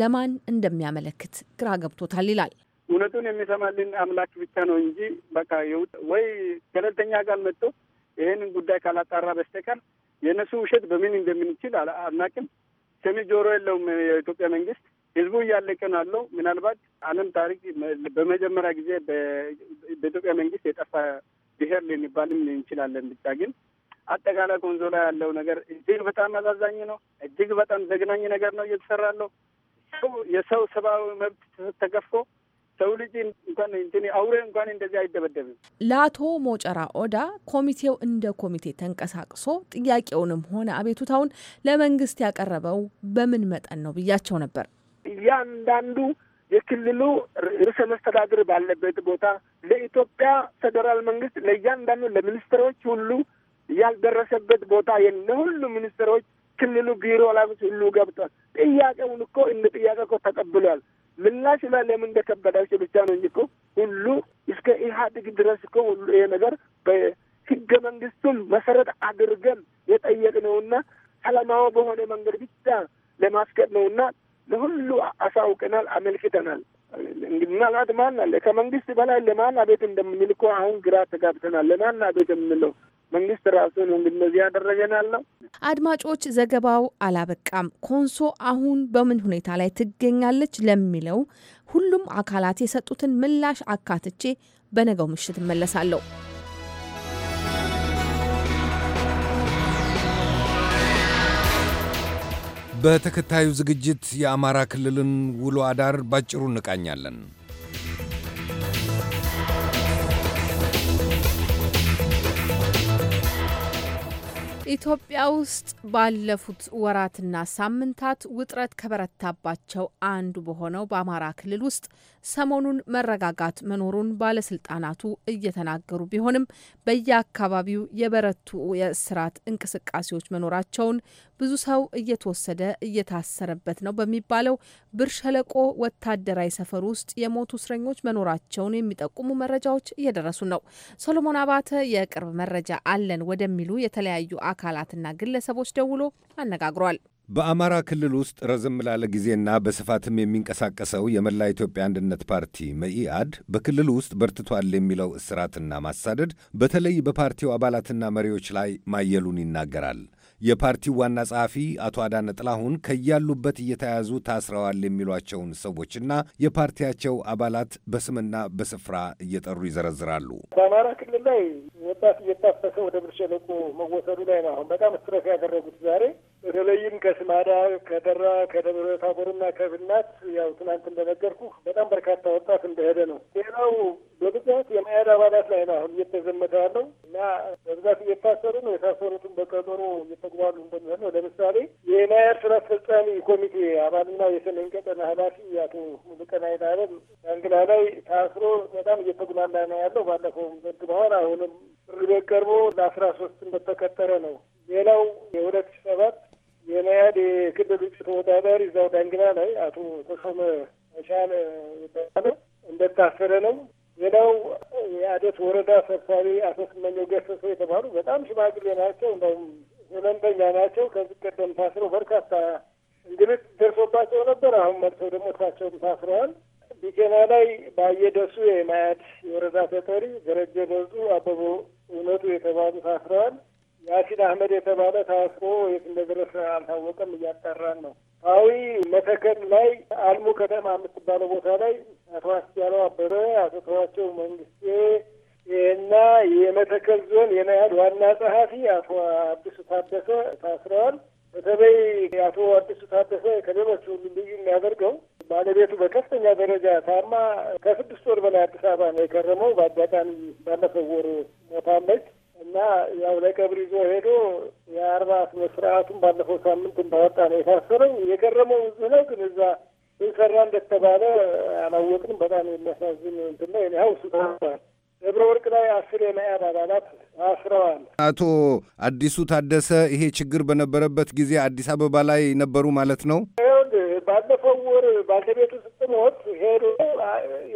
ለማን እንደሚያመለክት ግራ ገብቶታል ይላል። እውነቱን የሚሰማልን አምላክ ብቻ ነው እንጂ በቃ ወይ ገለልተኛ ቃል መጥቶ ይህንን ጉዳይ ካላጣራ በስተቀር የእነሱ ውሸት በምን እንደምንችል አናቅም። ሰሚ ጆሮ የለውም የኢትዮጵያ መንግስት። ህዝቡ እያለቀ ነው ያለው። ምናልባት ዓለም ታሪክ በመጀመሪያ ጊዜ በኢትዮጵያ መንግስት የጠፋ ብሔር ልንባልም እንችላለን። ብቻ ግን አጠቃላይ ኮንሶ ላይ ያለው ነገር እጅግ በጣም አሳዛኝ ነው። እጅግ በጣም ዘግናኝ ነገር ነው እየተሰራ ያለው። ሰው የሰው ሰብአዊ መብት ተገፎ ሰው ልጅ እንኳን እንትን አውሬ እንኳን እንደዚህ አይደበደብም። ለአቶ ሞጨራ ኦዳ ኮሚቴው እንደ ኮሚቴ ተንቀሳቅሶ ጥያቄውንም ሆነ አቤቱታውን ለመንግስት ያቀረበው በምን መጠን ነው ብያቸው ነበር። እያንዳንዱ የክልሉ ርዕሰ መስተዳድር ባለበት ቦታ ለኢትዮጵያ ፌዴራል መንግስት ለእያንዳንዱ ለሚኒስትሮች ሁሉ ያልደረሰበት ቦታ ለሁሉ ሚኒስትሮች ክልሉ ቢሮ ላምስ ሁሉ ገብቷል። ጥያቄውን እኮ እንደ ጥያቄ እኮ ተቀብሏል። ምላሽ ላ ለምን እንደከበዳቸው ብቻ ነው እንጂ እኮ ሁሉ እስከ ኢህአዴግ ድረስ እኮ ሁሉ ይሄ ነገር በህገ መንግስቱም መሰረት አድርገን የጠየቅነውና ሰላማዊ በሆነ መንገድ ብቻ ለማስቀጥ ነውና ለሁሉ አሳውቀናል፣ አመልክተናል። ምናልባት ማን አለ ከመንግስት በላይ ለማን አቤት እንደምንል እኮ አሁን ግራ ተጋብተናል። ለማን አቤት የምንለው መንግስት ራሱን እንድነዚህ ያደረገን ያለው። አድማጮች፣ ዘገባው አላበቃም። ኮንሶ አሁን በምን ሁኔታ ላይ ትገኛለች ለሚለው ሁሉም አካላት የሰጡትን ምላሽ አካትቼ በነገው ምሽት እመለሳለሁ። በተከታዩ ዝግጅት የአማራ ክልልን ውሎ አዳር ባጭሩ እንቃኛለን። ኢትዮጵያ ውስጥ ባለፉት ወራትና ሳምንታት ውጥረት ከበረታባቸው አንዱ በሆነው በአማራ ክልል ውስጥ ሰሞኑን መረጋጋት መኖሩን ባለስልጣናቱ እየተናገሩ ቢሆንም በየአካባቢው የበረቱ የእስራት እንቅስቃሴዎች መኖራቸውን ብዙ ሰው እየተወሰደ እየታሰረበት ነው በሚባለው ብር ሸለቆ ወታደራዊ ሰፈር ውስጥ የሞቱ እስረኞች መኖራቸውን የሚጠቁሙ መረጃዎች እየደረሱ ነው። ሶሎሞን አባተ የቅርብ መረጃ አለን ወደሚሉ የተለያዩ አካላትና ግለሰቦች ደውሎ አነጋግሯል። በአማራ ክልል ውስጥ ረዘም ላለ ጊዜና በስፋትም የሚንቀሳቀሰው የመላ ኢትዮጵያ አንድነት ፓርቲ መኢአድ በክልሉ ውስጥ በርትቷል የሚለው እስራትና ማሳደድ በተለይ በፓርቲው አባላትና መሪዎች ላይ ማየሉን ይናገራል። የፓርቲው ዋና ጸሐፊ አቶ አዳነ ጥላሁን ከያሉበት እየተያዙ ታስረዋል የሚሏቸውን ሰዎችና የፓርቲያቸው አባላት በስምና በስፍራ እየጠሩ ይዘረዝራሉ። በአማራ ክልል ላይ ወጣት እየታፈሰ ወደ ብርሸለቆ መወሰዱ ላይ ነው አሁን በጣም ስትረስ ያደረጉት ዛሬ በተለይም ከስማዳ ከደራ ከደብረ ታቦርና ከብናት ያው ትናንት እንደነገርኩ በጣም በርካታ ወጣት እንደሄደ ነው። ሌላው በብዛት የመያድ አባላት ላይ ነው አሁን እየተዘመተ ያለው እና በብዛት እየታሰሩ ነው። የታሰሩትን በቀጠሮ እየተግባሉ እንደሚሆን ነው። ለምሳሌ የመያድ ስራ አስፈጻሚ ኮሚቴ አባልና የሰሜን ቀጠና ኃላፊ አቶ ሙሉቀን አይናለም ዳንግላ ላይ ታስሮ በጣም እየተጉላላ ነው ያለው። ባለፈውም ዘግበዋል። አሁንም ፍርድ ቤት ቀርቦ ለአስራ ሶስት እንደተቀጠረ ነው። ሌላው የሁለት ሺህ ሰባት የመያድ የክልል ውጭ ተወዳዳሪ እዛው ዳንግላ ላይ አቶ ተሾመ መቻል ይባላል እንደታሰረ ነው። ሌላው የአደት ወረዳ ሰብሳቢ አቶ ስመኘው ገሰሰው የተባሉ በጣም ሽማግሌ ናቸው፣ እንደውም ህመምተኛ ናቸው። ከዚህ ቀደም ታስረው በርካታ እንግልት ደርሶባቸው ነበር። አሁን መልሰው ደግሞ እሳቸውም ታስረዋል። ቢኬና ላይ ባየደሱ የማያድ የወረዳ ተጠሪ፣ ደረጀ በዙ፣ አበቦ እውነቱ የተባሉ ታስረዋል። ያሲን አህመድ የተባለ ታስሮ የት እንደደረሰ አልታወቀም፣ እያጣራን ነው። አዊ መተከል ላይ አልሙ ከተማ የምትባለው ቦታ ላይ አቶ አስቻለው አበረ፣ አቶ ተዋቸው መንግስቴ እና የመተከል ዞን የመያድ ዋና ጸሐፊ አቶ አዲሱ ታደሰ ታስረዋል። በተለይ አቶ አዲሱ ታደሰ ከሌሎች ሁሉ ልዩ የሚያደርገው ባለቤቱ በከፍተኛ ደረጃ ታማ ከስድስት ወር በላይ አዲስ አበባ ነው የከረመው። በአጋጣሚ ባለፈው ወር ሞታለች። እና ያው ለቀብር ይዞ ሄዶ የአርባ ስነ ስርዓቱን ባለፈው ሳምንት እንዳወጣ ነው የታሰረው። የገረመው እዚህ ነው። ግን እዛ እንሰራ እንደተባለ አላወቅንም። በጣም የሚያሳዝን እንትን ነው። እሱ ታስሯል። ደብረ ወርቅ ላይ አስር የመያድ አባላት አስረዋል። አቶ አዲሱ ታደሰ ይሄ ችግር በነበረበት ጊዜ አዲስ አበባ ላይ ነበሩ ማለት ነው። ባለፈው ወር ባለቤቱ ስትሞት ሄዶ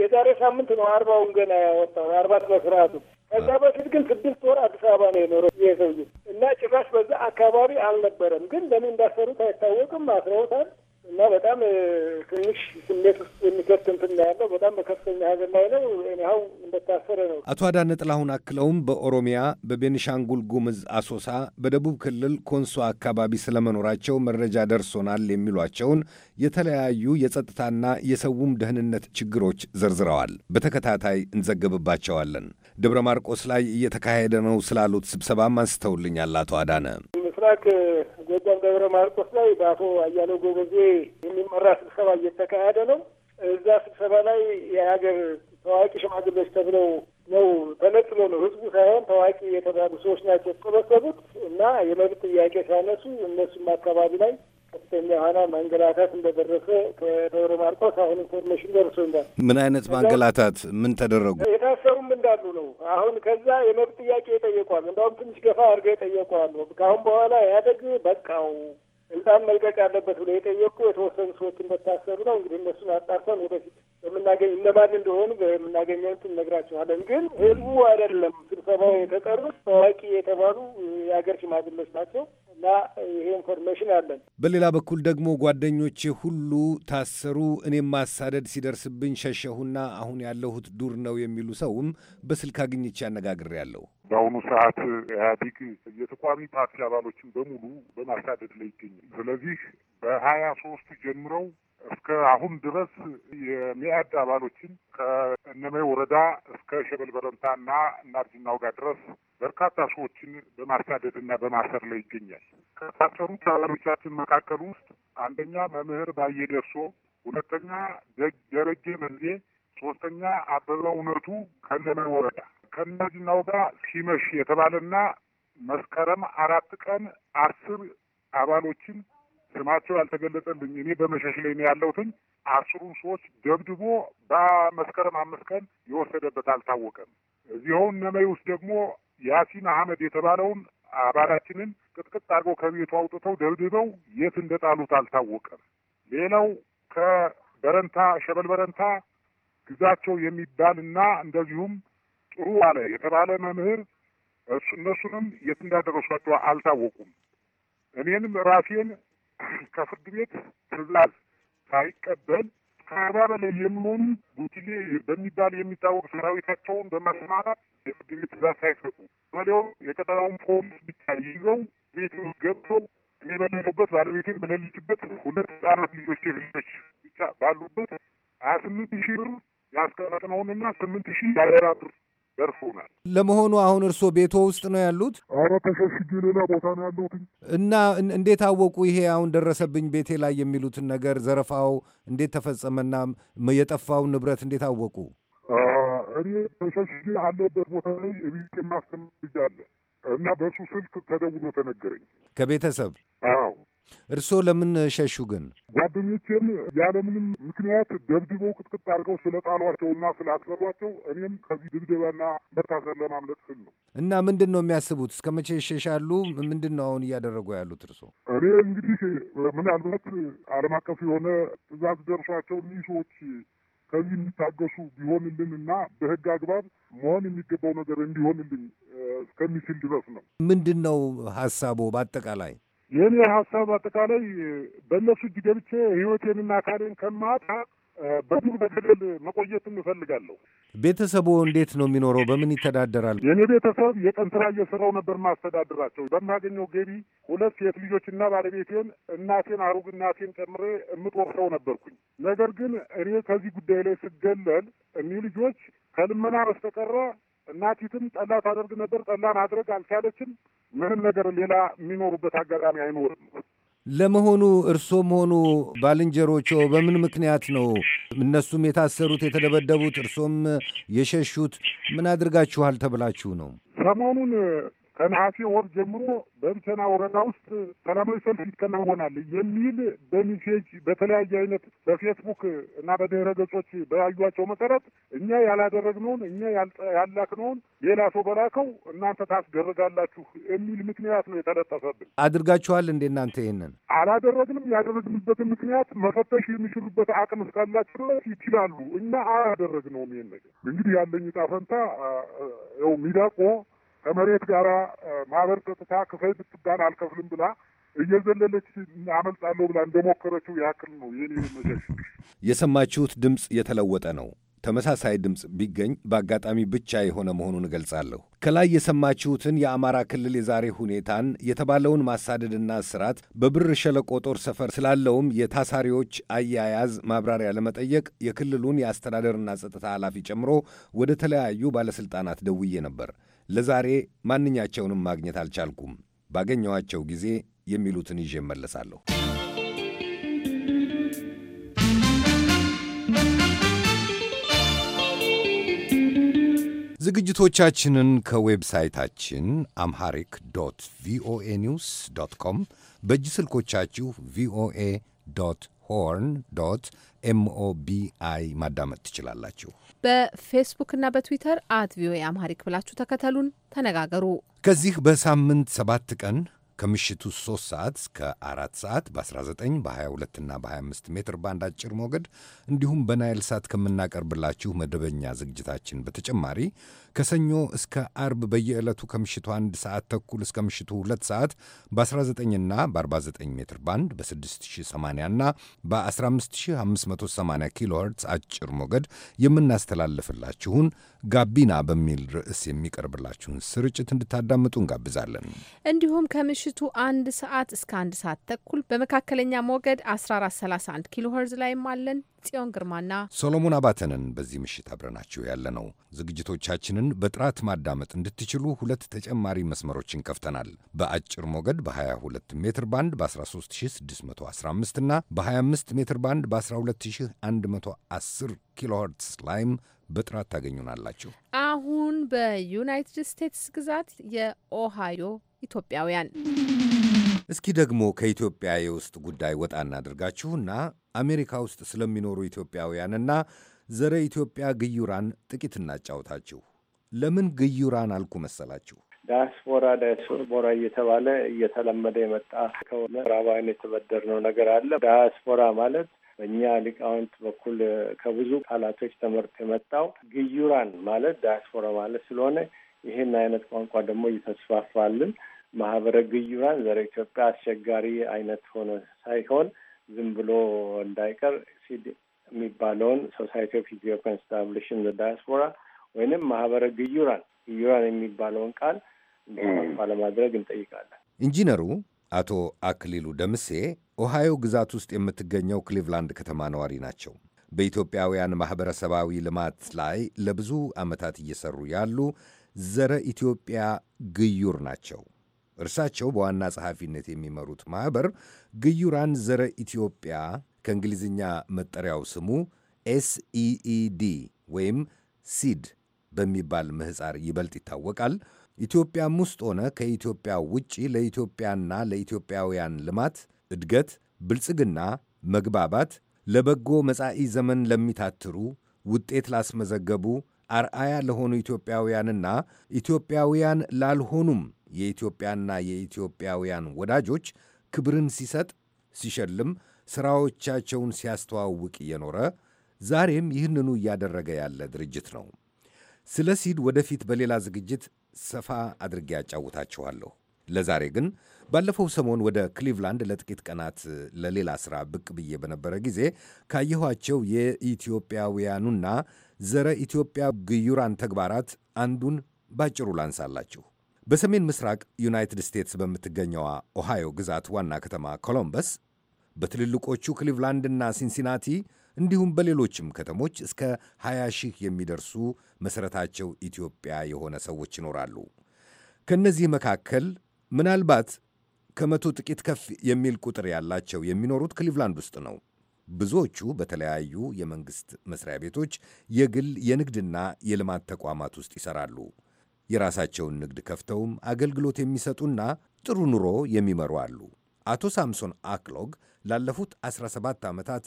የዛሬ ሳምንት ነው አርባውን ገና ያወጣው የአርባ ስነ ስርዓቱ ከዛ በፊት ግን ስድስት ወር አዲስ አበባ ነው የኖረው ይሄ ሰውዬ እና ጭራሽ በዛ አካባቢ አልነበረም። ግን ለምን እንዳሰሩት አይታወቅም። አስረውታል እና በጣም ትንሽ ስሜት ውስጥ የሚከት እንትን ያለው በጣም በከፍተኛ ሀዘን ላይ ነው። ኒሀው እንደታሰረ ነው። አቶ አዳነ ጥላሁን አክለውም በኦሮሚያ በቤንሻንጉል ጉምዝ አሶሳ፣ በደቡብ ክልል ኮንሶ አካባቢ ስለመኖራቸው መረጃ ደርሶናል የሚሏቸውን የተለያዩ የጸጥታና የሰውም ደህንነት ችግሮች ዘርዝረዋል። በተከታታይ እንዘገብባቸዋለን። ደብረ ማርቆስ ላይ እየተካሄደ ነው ስላሉት ስብሰባም አንስተውልኛል አቶ አዳነ። ምስራቅ ጎጃም ደብረ ማርቆስ ላይ በአቶ አያሌው ጎበዜ የሚመራ ስብሰባ እየተካሄደ ነው። እዛ ስብሰባ ላይ የሀገር ታዋቂ ሽማግሌዎች ተብለው ነው ተነጥሎ ነው ህዝቡ ሳይሆን ታዋቂ የተባሉ ሰዎች ናቸው የተሰበሰቡት እና የመብት ጥያቄ ሲያነሱ እነሱም አካባቢ ላይ ከፍተኛ የሆነ ማንገላታት እንደደረሰ ከደብረ ማርቆስ አሁን ኢንፎርሜሽን ደርሶኛል። ምን አይነት ማንገላታት? ምን ተደረጉ? የታሰሩም እንዳሉ ነው። አሁን ከዛ የመብት ጥያቄ የጠየቋል። እንደውም ትንሽ ገፋ አድርገው የጠየቋሉ። ከአሁን በኋላ ያደግ በቃው ስልጣን መልቀቅ ያለበት ብሎ የጠየቁ የተወሰኑ ሰዎች እንደታሰሩ ነው። እንግዲህ እነሱን አጣርተን ወደፊት የምናገኝ እነማን እንደሆኑ የምናገኘት እነግራችኋለን። ግን ህዝቡ አይደለም ስብሰባው የተጠሩት ታዋቂ የተባሉ የሀገር ሽማግሌዎች ናቸው እና ይሄ ኢንፎርሜሽን አለን። በሌላ በኩል ደግሞ ጓደኞቼ ሁሉ ታሰሩ፣ እኔም ማሳደድ ሲደርስብኝ ሸሸሁና አሁን ያለሁት ዱር ነው የሚሉ ሰውም በስልክ አግኝቼ አነጋግሬያለሁ። በአሁኑ ሰዓት ኢህአዲግ የተቋሚ ፓርቲ አባሎችን በሙሉ በማሳደድ ላይ ይገኛል። ስለዚህ በሀያ ሶስት ጀምረው እስከ አሁን ድረስ የሚያድ አባሎችን ከእነሜ ወረዳ እስከ ሸበል በረንታና እናርጅና ውጋ ድረስ በርካታ ሰዎችን በማሳደድና በማሰር ላይ ይገኛል። ከታሰሩት አባሎቻችን መካከል ውስጥ አንደኛ መምህር ባየ ደርሶ፣ ሁለተኛ ደረጀ መንዜ፣ ሶስተኛ አበባ እውነቱ ከእነሜ ወረዳ ከእናርጅና ሲመሽ የተባለና መስከረም አራት ቀን አስር አባሎችን ስማቸው ያልተገለጸልኝ እኔ በመሸሽ ላይ ነው ያለሁትኝ አስሩን ሰዎች ደብድቦ በመስከረም አምስት ቀን የወሰደበት አልታወቀም። እዚሁ ነመይ ውስጥ ደግሞ ያሲን አህመድ የተባለውን አባላችንን ቅጥቅጥ አድርገው ከቤቱ አውጥተው ደብድበው የት እንደጣሉት አልታወቀም። ሌላው ከበረንታ ሸበል በረንታ ግዛቸው የሚባል እና እንደዚሁም ጥሩ አለ የተባለ መምህር እነሱንም የት እንዳደረሷቸው አልታወቁም። እኔንም ራሴን ከፍርድ ቤት ትዕዛዝ ሳይቀበል ከአርባ በላይ የሚሆኑ ቡቲሌ በሚባል የሚታወቅ ሰራዊታቸውን በማሰማራት የፍርድ ቤት ትዕዛዝ ሳይሰጡ ወዲያው የቀጠናውን ፖሊስ ብቻ ይዘው ቤት ውስጥ ገብተው እኔ በሌለሁበት ባለቤቴ በሌለችበት ሁለት ህጻናት ልጆች ልጆች ብቻ ባሉበት ሀያ ስምንት ሺህ ብር ያስቀመጥነውንና ስምንት ሺህ ያደራ ብር ደርሶናል። ለመሆኑ አሁን እርስዎ ቤቶ ውስጥ ነው ያሉት? አረ ተሸሽጌ ሌላ ቦታ ነው ያለሁት። እና እንዴት አወቁ ይሄ አሁን ደረሰብኝ ቤቴ ላይ የሚሉትን ነገር ዘረፋው እንዴት ተፈጸመና የጠፋው ንብረት እንዴት አወቁ? እኔ ተሸሽጌ አለበት ቦታ ላይ ቤት ማስቀመጥ እና በእሱ ስልክ ተደውሎ ተነገረኝ ከቤተሰብ አዎ እርስዎ ለምን ሸሹ ግን? ጓደኞቼም ያለምንም ምክንያት ደብድበው ቅጥቅጥ አድርገው እና ስላሰሯቸው እኔም ከዚህ ድብደባና መታሰር ለማምለጥ ስል ነው። እና ምንድን ነው የሚያስቡት? እስከ መቼ ይሸሻሉ? ምንድን ነው አሁን እያደረጉ ያሉት እርሶ? እኔ እንግዲህ ምናልባት ዓለም አቀፍ የሆነ ትዕዛዝ ደርሷቸው እኒህ ሰዎች ከዚህ የሚታገሱ ቢሆንልን እና በህግ አግባብ መሆን የሚገባው ነገር እንዲሆንልኝ እስከሚችል ድረስ ነው። ምንድን ነው ሀሳቡ በአጠቃላይ? ይህን ሀሳብ አጠቃላይ በእነሱ እጅ ገብቼ ህይወቴንና አካሌን ከማጣ በዱር በገደል መቆየትም እፈልጋለሁ። ቤተሰቡ እንዴት ነው የሚኖረው? በምን ይተዳደራል? የእኔ ቤተሰብ የቀን ስራ እየሰራው ነበር ማስተዳድራቸው። በማገኘው ገቢ ሁለት ሴት ልጆችና ባለቤቴን እናቴን፣ አሩግ እናቴን ጨምሬ የምጦርሰው ነበርኩኝ። ነገር ግን እኔ ከዚህ ጉዳይ ላይ ስገለል እኒህ ልጆች ከልመና በስተቀረ እናቲትም ጠላ ታደርግ ነበር። ጠላን አድረግ አልቻለችም። ምንም ነገር ሌላ የሚኖሩበት አጋጣሚ አይኖርም። ለመሆኑ እርሶም ሆኑ ባልንጀሮቾ በምን ምክንያት ነው እነሱም የታሰሩት የተደበደቡት፣ እርሶም የሸሹት? ምን አድርጋችኋል ተብላችሁ ነው? ሰሞኑን ከነሐሴ ወር ጀምሮ በእምሰና ወረዳ ውስጥ ሰላማዊ ሰልፍ ይከናወናል የሚል በሚሴጅ በተለያየ አይነት በፌስቡክ እና በድህረ ገጾች በያዩቸው መሰረት እኛ ያላደረግነውን እኛ ያላክነውን ሌላ ሰው በላከው እናንተ ታስደረጋላችሁ የሚል ምክንያት ነው የተለጠፈብን። አድርጋችኋል እንዴ እናንተ? ይህንን አላደረግንም። ያደረግንበትን ምክንያት መፈተሽ የሚችሉበት አቅም እስካላቸው ድረስ ይችላሉ። እኛ አላደረግነውም። ይህን ነገር እንግዲህ ያለኝ ጣፈንታ ው ሚዳቆ ከመሬት ጋራ ማህበር ጸጥታ ክፈይ ብትባል አልከፍልም ብላ እየዘለለች አመልጣለሁ ብላ እንደሞከረችው ያክል ነው። ይህን መሸሽ የሰማችሁት ድምፅ የተለወጠ ነው። ተመሳሳይ ድምፅ ቢገኝ በአጋጣሚ ብቻ የሆነ መሆኑን እገልጻለሁ። ከላይ የሰማችሁትን የአማራ ክልል የዛሬ ሁኔታን የተባለውን ማሳደድና እስራት በብር ሸለቆ ጦር ሰፈር ስላለውም የታሳሪዎች አያያዝ ማብራሪያ ለመጠየቅ የክልሉን የአስተዳደርና ጸጥታ ኃላፊ ጨምሮ ወደ ተለያዩ ባለሥልጣናት ደውዬ ነበር። ለዛሬ ማንኛቸውንም ማግኘት አልቻልኩም። ባገኘኋቸው ጊዜ የሚሉትን ይዤ እመለሳለሁ። ዝግጅቶቻችንን ከዌብሳይታችን አምሃሪክ ዶት ቪኦኤ ኒውስ ዶት ኮም በእጅ ስልኮቻችሁ ቪኦኤ ዶት ሆርን ዶት ኤምኦቢአይ ማዳመጥ ትችላላችሁ። በፌስቡክና በትዊተር አት ቪኦኤ አምሃሪክ ብላችሁ ተከተሉን፣ ተነጋገሩ። ከዚህ በሳምንት ሰባት ቀን ከምሽቱ 3 ሰዓት እስከ 4 ሰዓት በ19 በ22ና በ25 ሜትር ባንድ አጭር ሞገድ እንዲሁም በናይል ሳት ከምናቀርብላችሁ መደበኛ ዝግጅታችን በተጨማሪ ከሰኞ እስከ አርብ በየዕለቱ ከምሽቱ አንድ ሰዓት ተኩል እስከ ምሽቱ ሁለት ሰዓት በ19ና በ49 ሜትር ባንድ በ6080 እና በ15580 ኪሎ አጭር ሞገድ የምናስተላልፍላችሁን ጋቢና በሚል ርዕስ የሚቀርብላችሁን ስርጭት እንድታዳምጡ እንጋብዛለን። እንዲሁም ከምሽቱ አንድ ሰዓት እስከ አንድ ሰዓት ተኩል በመካከለኛ ሞገድ 1431 ኪሎ ላይ ላይም አለን ጽዮን ግርማና ሶሎሞን አባተንን በዚህ ምሽት አብረናችሁ ያለ ነው። ዝግጅቶቻችንን በጥራት ማዳመጥ እንድትችሉ ሁለት ተጨማሪ መስመሮችን ከፍተናል። በአጭር ሞገድ በ22 ሜትር ባንድ በ13615 እና በ25 ሜትር ባንድ በ12110 ኪሎ ላይም በጥራት ታገኙናላችሁ። አሁን በዩናይትድ ስቴትስ ግዛት የኦሃዮ ኢትዮጵያውያን እስኪ ደግሞ ከኢትዮጵያ የውስጥ ጉዳይ ወጣ እናድርጋችሁና አሜሪካ ውስጥ ስለሚኖሩ ኢትዮጵያውያንና ዘረ ኢትዮጵያ ግዩራን ጥቂት እናጫውታችሁ። ለምን ግዩራን አልኩ መሰላችሁ? ዳያስፖራ ዳያስፖራ እየተባለ እየተለመደ የመጣ ከምዕራባውያን የተበደርነው ነገር አለ። ዳያስፖራ ማለት በእኛ ሊቃውንት በኩል ከብዙ ቃላቶች ተመርቶ የመጣው ግዩራን ማለት ዳያስፖራ ማለት ስለሆነ ይህን አይነት ቋንቋ ደግሞ እየተስፋፋልን ማህበረ ግዩራን ዘረ ኢትዮጵያ አስቸጋሪ አይነት ሆነ ሳይሆን ዝም ብሎ እንዳይቀር ሲድ የሚባለውን ሶሳይቲ ኦፍ ኢትዮጵያን ስታብሊሽን ዳያስፖራ ወይንም ማህበረ ግዩራን ግዩራን የሚባለውን ቃል እንዲፋ ለማድረግ እንጠይቃለን። ኢንጂነሩ አቶ አክሊሉ ደምሴ ኦሃዮ ግዛት ውስጥ የምትገኘው ክሊቭላንድ ከተማ ነዋሪ ናቸው። በኢትዮጵያውያን ማኅበረሰባዊ ልማት ላይ ለብዙ ዓመታት እየሰሩ ያሉ ዘረ ኢትዮጵያ ግዩር ናቸው። እርሳቸው በዋና ጸሐፊነት የሚመሩት ማኅበር ግዩራን ዘረ ኢትዮጵያ ከእንግሊዝኛ መጠሪያው ስሙ ኤስኢኢዲ e e ወይም ሲድ e በሚባል ምህፃር ይበልጥ ይታወቃል። ኢትዮጵያም ውስጥ ሆነ ከኢትዮጵያ ውጪ ለኢትዮጵያና ለኢትዮጵያውያን ልማት፣ እድገት፣ ብልጽግና፣ መግባባት ለበጎ መጻኢ ዘመን ለሚታትሩ ውጤት ላስመዘገቡ አርአያ ለሆኑ ኢትዮጵያውያንና ኢትዮጵያውያን ላልሆኑም የኢትዮጵያና የኢትዮጵያውያን ወዳጆች ክብርን ሲሰጥ ሲሸልም፣ ሥራዎቻቸውን ሲያስተዋውቅ የኖረ ዛሬም ይህንኑ እያደረገ ያለ ድርጅት ነው። ስለ ሲድ ወደፊት በሌላ ዝግጅት ሰፋ አድርጌ ያጫውታችኋለሁ። ለዛሬ ግን ባለፈው ሰሞን ወደ ክሊቭላንድ ለጥቂት ቀናት ለሌላ ሥራ ብቅ ብዬ በነበረ ጊዜ ካየኋቸው የኢትዮጵያውያኑና ዘረ ኢትዮጵያ ግዩራን ተግባራት አንዱን ባጭሩ ላንሳላችሁ። በሰሜን ምስራቅ ዩናይትድ ስቴትስ በምትገኘዋ ኦሃዮ ግዛት ዋና ከተማ ኮሎምበስ በትልልቆቹ ክሊቭላንድና ሲንሲናቲ እንዲሁም በሌሎችም ከተሞች እስከ 20 ሺህ የሚደርሱ መሠረታቸው ኢትዮጵያ የሆነ ሰዎች ይኖራሉ። ከእነዚህ መካከል ምናልባት ከመቶ ጥቂት ከፍ የሚል ቁጥር ያላቸው የሚኖሩት ክሊቭላንድ ውስጥ ነው። ብዙዎቹ በተለያዩ የመንግሥት መሥሪያ ቤቶች፣ የግል የንግድና የልማት ተቋማት ውስጥ ይሠራሉ። የራሳቸውን ንግድ ከፍተውም አገልግሎት የሚሰጡና ጥሩ ኑሮ የሚመሩ አሉ። አቶ ሳምሶን አክሎግ ላለፉት 17 ዓመታት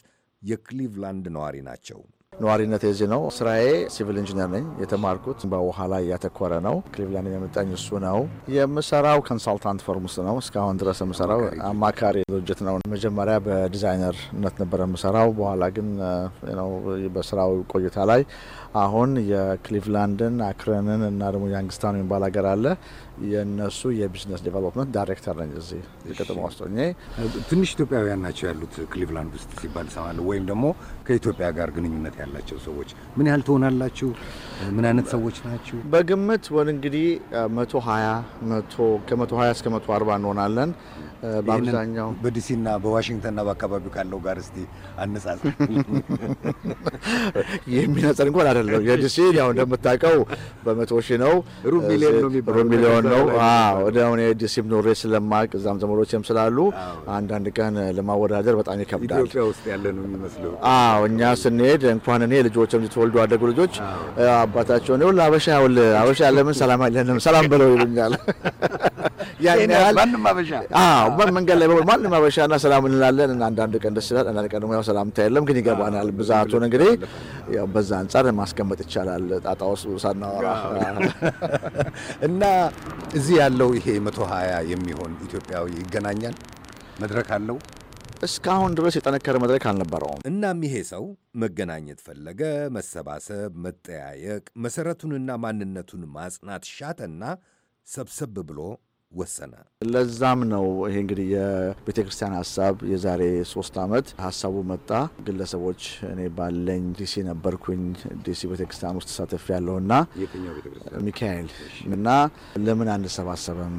የክሊቭላንድ ነዋሪ ናቸው። ነዋሪነት የዚህ ነው። ስራዬ ሲቪል ኢንጂነር ነኝ። የተማርኩት በውሃ ላይ ያተኮረ ነው። ክሊቭላንድ የመጣኝ እሱ ነው። የምሰራው ኮንሳልታንት ፈርም ውስጥ ነው። እስካሁን ድረስ የምሰራው አማካሪ ድርጅት ነው። መጀመሪያ በዲዛይነርነት ነበር የምሰራው። በኋላ ግን uh, በስራው ቆይታ ላይ አሁን የክሊቭላንድን አክረንን እና ደግሞ ያንግስታን የሚባል ሀገር አለ። የእነሱ የቢዝነስ ዴቨሎፕመንት ዳይሬክተር ነኝ። እዚህ የከተማ ውስጥ ሆኜ ትንሽ ኢትዮጵያውያን ናቸው ያሉት ክሊቭላንድ ውስጥ ሲባል እሰማለሁ። ወይም ደግሞ ከኢትዮጵያ ጋር ግንኙነት ያላቸው ሰዎች ምን ያህል ትሆናላችሁ? ምን አይነት ሰዎች ናችሁ? በግምት ወን እንግዲህ መቶ ሀያ ከመቶ ሀያ እስከ መቶ አርባ እንሆናለን። በአብዛኛው በዲሲና በዋሽንግተንና በአካባቢው ካለው ጋር እስቲ አነጻጽ [LAUGHS] የሚነጸር እንኳን ማለት ነው። የዲሲን ያው እንደምታውቀው በመቶ ሺህ ነው፣ ሩብ ሚሊዮን ነው። ነው ወደ አሁን የዲሲም ኖሬ ስለማቅ እዛም ዘመዶችም ስላሉ አንዳንድ ቀን ለማወዳደር በጣም ይከብዳል። ኢትዮጵያ ውስጥ ያለ ነው የሚመስለው። አዎ እኛ ስንሄድ እንኳን እኔ ልጆችም ተወልዶ አደጉ ልጆች አባታቸው ነው አበሻ ያውል አበሻ ለምን ሰላም አይለንም ሰላም ብለው ይሉኛል። [LAUGHS] ያን ያህል ማንም አዎ መንገድ ላይ በሆነ ማንም አበሻና ሰላም እንላለን እና አንዳንድ ቀን ደስ ይላል፣ አንዳንድ ቀን ደግሞ ያው ሰላምታ የለም ግን ይገባናል ብዛቱን እንግዲህ ያው በዛ አንጻር ማስ ማስቀመጥ ይቻላል። ጣጣ ውስጥ ሳናወራ [LAUGHS] እና እዚህ ያለው ይሄ መቶ ሀያ የሚሆን ኢትዮጵያዊ ይገናኛል መድረክ አለው። እስካሁን ድረስ የጠነከረ መድረክ አልነበረውም። እናም ይሄ ሰው መገናኘት ፈለገ፣ መሰባሰብ፣ መጠያየቅ፣ መሰረቱንና ማንነቱን ማጽናት ሻተና ሰብሰብ ብሎ ወሰነ። ለዛም ነው ይሄ እንግዲህ የቤተ ክርስቲያን ሀሳብ የዛሬ ሶስት ዓመት ሀሳቡ መጣ። ግለሰቦች እኔ ባለኝ ዲሲ ነበርኩኝ ዲሲ ቤተ ክርስቲያን ውስጥ ተሳተፍ ና ሚካኤል እና ለምን አንሰባሰበም?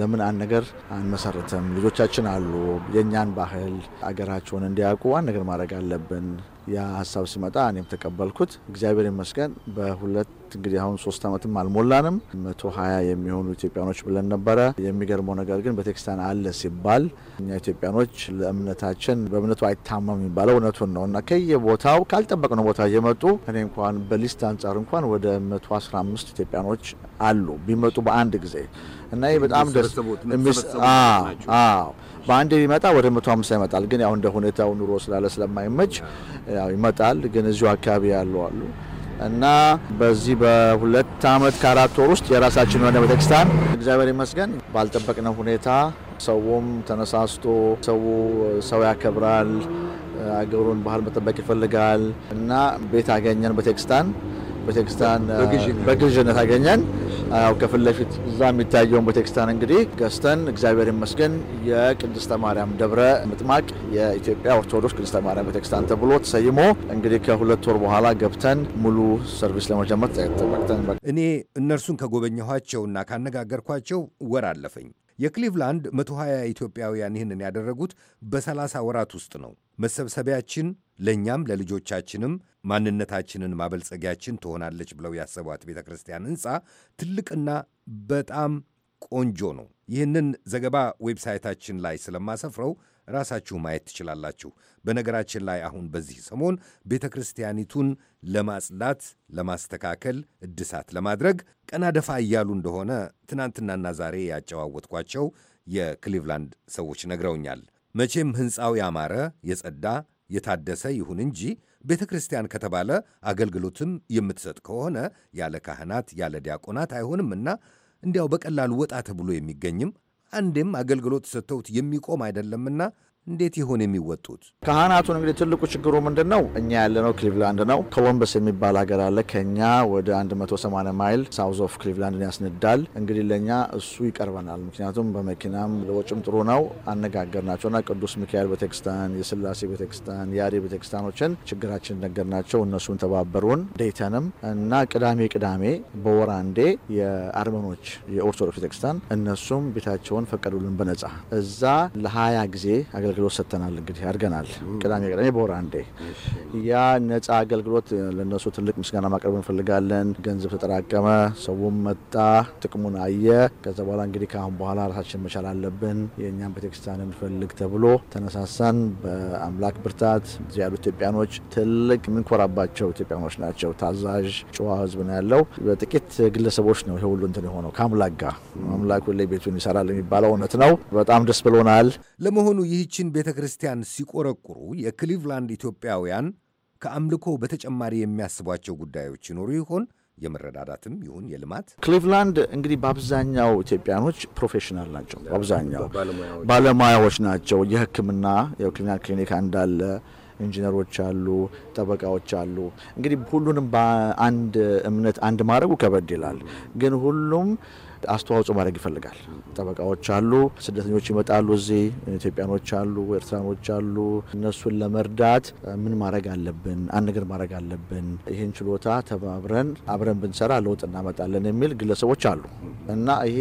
ለምን አንድ ነገር አንመሰረትም? ልጆቻችን አሉ። የእኛን ባህል አገራቸውን እንዲያውቁ አንድ ነገር ማድረግ አለብን ያ ሀሳብ ሲመጣ እኔም ተቀበልኩት። እግዚአብሔር ይመስገን በሁለት እንግዲህ አሁን ሶስት ዓመትም አልሞላንም መቶ ሀያ የሚሆኑ ኢትዮጵያኖች ብለን ነበረ። የሚገርመው ነገር ግን ቤተክርስቲያን አለ ሲባል እኛ ኢትዮጵያኖች ለእምነታችን በእምነቱ አይታማም የሚባለው እውነቱን ነው እና ከየቦታው ካልጠበቅነው ቦታ እየመጡ እኔ እንኳን በሊስት አንጻር እንኳን ወደ መቶ አስራ አምስት ኢትዮጵያኖች አሉ ቢመጡ በአንድ ጊዜ እና ይህ በጣም ደስ በአንድ ቢመጣ ወደ መቶ 150 ይመጣል። ግን ያው እንደ ሁኔታው ኑሮ ስላለ ስለማይመች ይመጣል። ግን እዚሁ አካባቢ ያሉ አሉ እና በዚህ በሁለት አመት ከአራት ወር ውስጥ የራሳችን የሆነ ቤተክርስቲያን እግዚአብሔር ይመስገን ባልጠበቅነው ሁኔታ ሰውም ተነሳስቶ ሰው ሰው ያከብራል፣ አገሩን ባህል መጠበቅ ይፈልጋል እና ቤት አገኘን ቤተክርስቲያን ቤተክርስቲያን በግዥነት አገኘን። ከፊት ለፊት እዛ የሚታየውን ቤተክርስቲያን እንግዲህ ገዝተን እግዚአብሔር ይመስገን የቅድስተ ማርያም ደብረ ምጥማቅ የኢትዮጵያ ኦርቶዶክስ ቅድስተ ማርያም ቤተክርስቲያን ተብሎ ተሰይሞ እንግዲህ ከሁለት ወር በኋላ ገብተን ሙሉ ሰርቪስ ለመጀመር ተጠቅተን እኔ እነርሱን ከጎበኘኋቸውና ካነጋገርኳቸው ወር አለፈኝ። የክሊቭላንድ 120 ኢትዮጵያውያን ይህንን ያደረጉት በ30 ወራት ውስጥ ነው። መሰብሰቢያችን ለእኛም ለልጆቻችንም ማንነታችንን ማበልጸጊያችን ትሆናለች ብለው ያሰቧት ቤተ ክርስቲያን ሕንፃ ትልቅና በጣም ቆንጆ ነው። ይህንን ዘገባ ዌብሳይታችን ላይ ስለማሰፍረው ራሳችሁ ማየት ትችላላችሁ። በነገራችን ላይ አሁን በዚህ ሰሞን ቤተ ክርስቲያኒቱን ለማጽዳት፣ ለማስተካከል፣ እድሳት ለማድረግ ቀና ደፋ እያሉ እንደሆነ ትናንትናና ዛሬ ያጨዋወትኳቸው የክሊቭላንድ ሰዎች ነግረውኛል። መቼም ሕንፃው ያማረ የጸዳ የታደሰ ይሁን እንጂ ቤተ ክርስቲያን ከተባለ አገልግሎትም የምትሰጥ ከሆነ ያለ ካህናት ያለ ዲያቆናት አይሆንምና እንዲያው በቀላሉ ወጣ ተብሎ የሚገኝም አንድም አገልግሎት ሰጥተውት የሚቆም አይደለምና እንዴት ይሆን የሚወጡት? ካህናቱን እንግዲህ ትልቁ ችግሩ ምንድን ነው? እኛ ያለነው ክሊቭላንድ ነው። ኮሎምበስ የሚባል ሀገር አለ ከኛ ወደ 180 ማይል ሳውዝ ኦፍ ክሊቭላንድን ያስንዳል። እንግዲህ ለእኛ እሱ ይቀርበናል። ምክንያቱም በመኪናም ለወጭም ጥሩ ነው። አነጋገር አነጋገርናቸውና ቅዱስ ሚካኤል ቤተክርስቲያን፣ የስላሴ ቤተክርስቲያን፣ የአሪ ቤተክርስቲያኖችን ችግራችን ነገርናቸው። እነሱን ተባበሩን። ዴተንም እና ቅዳሜ ቅዳሜ በወራንዴ የአርመኖች የኦርቶዶክስ ቤተክርስቲያን እነሱም ቤታቸውን ፈቀዱልን በነጻ እዛ ለሀያ ጊዜ አገልግሎት ሰጥተናል። እንግዲህ አድርገናል ቅዳሜ ቅዳሜ በወር አንዴ ያ ነጻ አገልግሎት ለነሱ ትልቅ ምስጋና ማቅረብ እንፈልጋለን። ገንዘብ ተጠራቀመ፣ ሰውም መጣ፣ ጥቅሙን አየ። ከዛ በኋላ እንግዲህ ከአሁን በኋላ ራሳችን መቻል አለብን፣ የእኛም ቤተክርስቲያን እንፈልግ ተብሎ ተነሳሳን። በአምላክ ብርታት እዚህ ያሉ ኢትዮጵያኖች ትልቅ የምንኮራባቸው ኢትዮጵያኖች ናቸው። ታዛዥ ጨዋ ህዝብ ነው ያለው። በጥቂት ግለሰቦች ነው ይሄ ሁሉ እንትን የሆነው ከአምላክ ጋር አምላክ ሁሌ ቤቱን ይሰራል የሚባለው እውነት ነው። በጣም ደስ ብሎናል። ለመሆኑ ይህች ይህችን ቤተ ክርስቲያን ሲቆረቁሩ የክሊቭላንድ ኢትዮጵያውያን ከአምልኮ በተጨማሪ የሚያስቧቸው ጉዳዮች ይኖሩ ይሆን? የመረዳዳትም ይሁን የልማት ክሊቭላንድ እንግዲህ በአብዛኛው ኢትዮጵያኖች ፕሮፌሽናል ናቸው። በአብዛኛው ባለሙያዎች ናቸው። የሕክምና የክሊቭላንድ ክሊኒክ እንዳለ ኢንጂነሮች አሉ፣ ጠበቃዎች አሉ። እንግዲህ ሁሉንም በአንድ እምነት አንድ ማድረጉ ከበድ ይላል። ግን ሁሉም አስተዋጽኦ ማድረግ ይፈልጋል። ጠበቃዎች አሉ፣ ስደተኞች ይመጣሉ፣ እዚህ ኢትዮጵያኖች አሉ፣ ኤርትራኖች አሉ። እነሱን ለመርዳት ምን ማድረግ አለብን? አንድ ነገር ማድረግ አለብን። ይህን ችሎታ ተባብረን አብረን ብንሰራ ለውጥ እናመጣለን የሚል ግለሰቦች አሉ እና ይሄ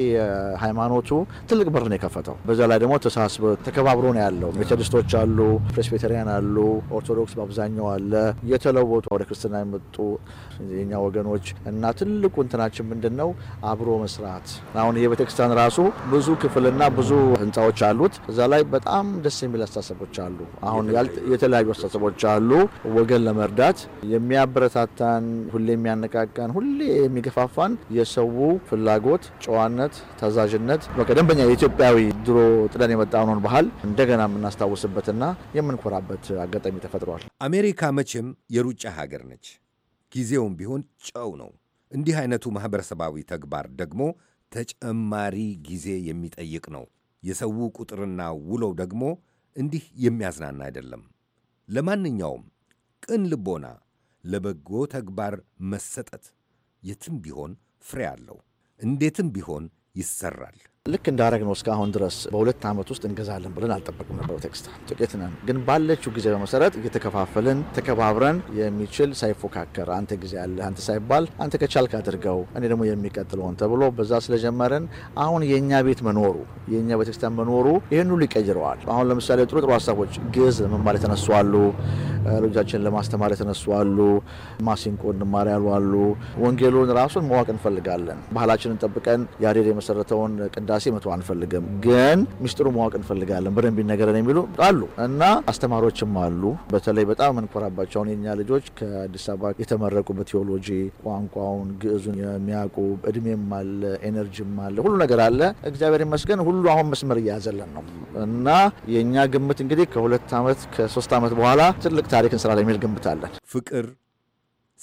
ሃይማኖቱ ትልቅ በር ነው የከፈተው። በዛ ላይ ደግሞ ተሳስበ ተከባብሮ ነው ያለው። ሜቶዲስቶች አሉ፣ ፕሬስቤተሪያን አሉ፣ ኦርቶዶክስ በአብዛኛው አለ። የተለወጡ ወደ ክርስትና የመጡ የኛ ወገኖች እና ትልቁ እንትናችን ምንድን ነው አብሮ መስራት አሁን ይህ ቤተክርስቲያን ራሱ ብዙ ክፍልና ብዙ ህንፃዎች አሉት። እዛ ላይ በጣም ደስ የሚል አስተሳሰቦች አሉ። አሁን የተለያዩ አስተሳሰቦች አሉ። ወገን ለመርዳት የሚያበረታታን፣ ሁሌ የሚያነቃቃን፣ ሁሌ የሚገፋፋን የሰው ፍላጎት፣ ጨዋነት፣ ታዛዥነት በቃ የኢትዮጵያዊ ድሮ ጥለን የመጣነውን ባህል እንደገና የምናስታውስበትና የምንኮራበት አጋጣሚ ተፈጥሯል። አሜሪካ መቼም የሩጫ ሀገር ነች። ጊዜውም ቢሆን ጨው ነው። እንዲህ አይነቱ ማኅበረሰባዊ ተግባር ደግሞ ተጨማሪ ጊዜ የሚጠይቅ ነው። የሰው ቁጥርና ውሎው ደግሞ እንዲህ የሚያዝናና አይደለም። ለማንኛውም ቅን ልቦና ለበጎ ተግባር መሰጠት የትም ቢሆን ፍሬ አለው፣ እንዴትም ቢሆን ይሰራል። ልክ እንዳረግ ነው እስካሁን ድረስ በሁለት ዓመት ውስጥ እንገዛለን ብለን አልጠበቅም ነበረው። ቴክስታይል ጥቂት ነን፣ ግን ባለችው ጊዜ በመሰረት እየተከፋፈልን ተከባብረን የሚችል ሳይፎካከር አንተ ጊዜ ያለ አንተ ሳይባል አንተ ከቻልክ አድርገው እኔ ደግሞ የሚቀጥለውን ተብሎ በዛ ስለጀመረን አሁን የእኛ ቤት መኖሩ የእኛ ቤተክርስቲያን መኖሩ ይህን ሁሉ ይቀይረዋል። አሁን ለምሳሌ ጥሩ ጥሩ ሀሳቦች ግዕዝ ለመማር የተነሱ አሉ፣ ልጆቻችን ለማስተማር የተነሱ አሉ፣ ማሲንቆ እንማር ያሉ አሉ። ወንጌሉን ራሱን ማወቅ እንፈልጋለን። ባህላችንን ጠብቀን ያሬድ የመሰረተውን ቅዳ ራሴ መተው አንፈልግም፣ ግን ሚስጥሩ ማወቅ እንፈልጋለን በደንብ ይነገረን የሚሉ አሉ እና አስተማሪዎችም አሉ። በተለይ በጣም የምንኮራባቸውን የኛ ልጆች ከአዲስ አበባ የተመረቁ በቴዎሎጂ ቋንቋውን ግዕዙን የሚያውቁ እድሜም አለ ኤነርጂም አለ ሁሉ ነገር አለ። እግዚአብሔር ይመስገን ሁሉ አሁን መስመር እያያዘለን ነው እና የእኛ ግምት እንግዲህ ከሁለት ዓመት ከሶስት ዓመት በኋላ ትልቅ ታሪክ እንስራለን የሚል ግምት አለን። ፍቅር፣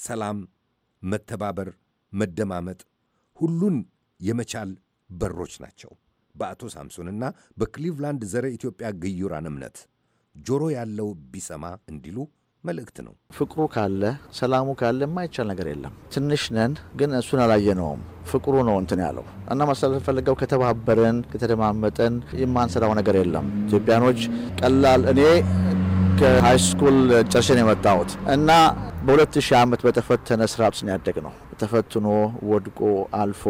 ሰላም፣ መተባበር፣ መደማመጥ ሁሉን የመቻል በሮች ናቸው። በአቶ ሳምሶንና በክሊቭላንድ ዘረ ኢትዮጵያ ግዩራን እምነት ጆሮ ያለው ቢሰማ እንዲሉ መልእክት ነው። ፍቅሩ ካለ ሰላሙ ካለ የማይቻል ነገር የለም። ትንሽ ነን፣ ግን እሱን አላየነውም። ፍቅሩ ነው እንትን ያለው እና ማሳለፍ ፈለገው ከተባበርን፣ ከተደማመጠን የማንሰራው ነገር የለም። ኢትዮጵያኖች ቀላል እኔ ከሃይስኩል ጨርሼን የመጣሁት እና በሁለት 2000 ዓመት በተፈተነ ስራብስ ነው ያደግ ነው። ተፈትኖ ወድቆ አልፎ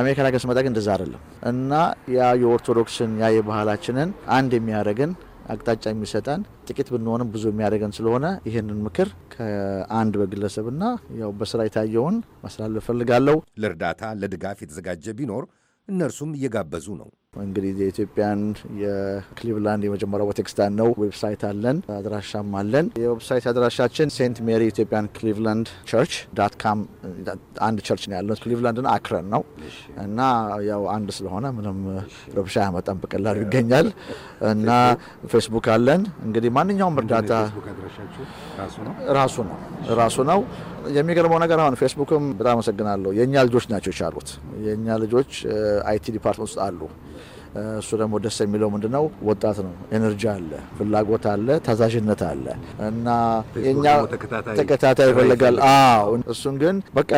አሜሪካ ላይ ስመጣ ግን እንደዛ አይደለም እና ያ የኦርቶዶክስን ያ የባህላችንን አንድ የሚያደርግን አቅጣጫ የሚሰጠን ጥቂት ብንሆንም ብዙ የሚያደርገን ስለሆነ ይህንን ምክር ከአንድ በግለሰብና ያው በስራ የታየውን ማስተላለፍ እፈልጋለሁ። ለእርዳታ ለድጋፍ የተዘጋጀ ቢኖር እነርሱም እየጋበዙ ነው። እንግዲህ የኢትዮጵያን የክሊቭላንድ የመጀመሪያው ቤተክርስቲያን ነው። ዌብሳይት አለን፣ አድራሻም አለን። የዌብሳይት አድራሻችን ሴንት ሜሪ ኢትዮጵያን ክሊቭላንድ ቸርች ዳት ካም አንድ ቸርች ነው ያለን። ክሊቭላንድን አክረን ነው እና ያው አንድ ስለሆነ ምንም ረብሻ ያመጣን በቀላሉ ይገኛል እና ፌስቡክ አለን። እንግዲህ ማንኛውም እርዳታ ራሱ ነው ራሱ ነው የሚገርመው ነገር አሁን ፌስቡክም በጣም አመሰግናለሁ። የእኛ ልጆች ናቸው የቻሉት። የእኛ ልጆች አይቲ ዲፓርትመንት ውስጥ አሉ እሱ ደግሞ ደስ የሚለው ምንድነው ወጣት ነው። ኤነርጂ አለ፣ ፍላጎት አለ፣ ታዛዥነት አለ እና የኛ ተከታታይ ይፈልጋል። አዎ እሱን ግን በቃ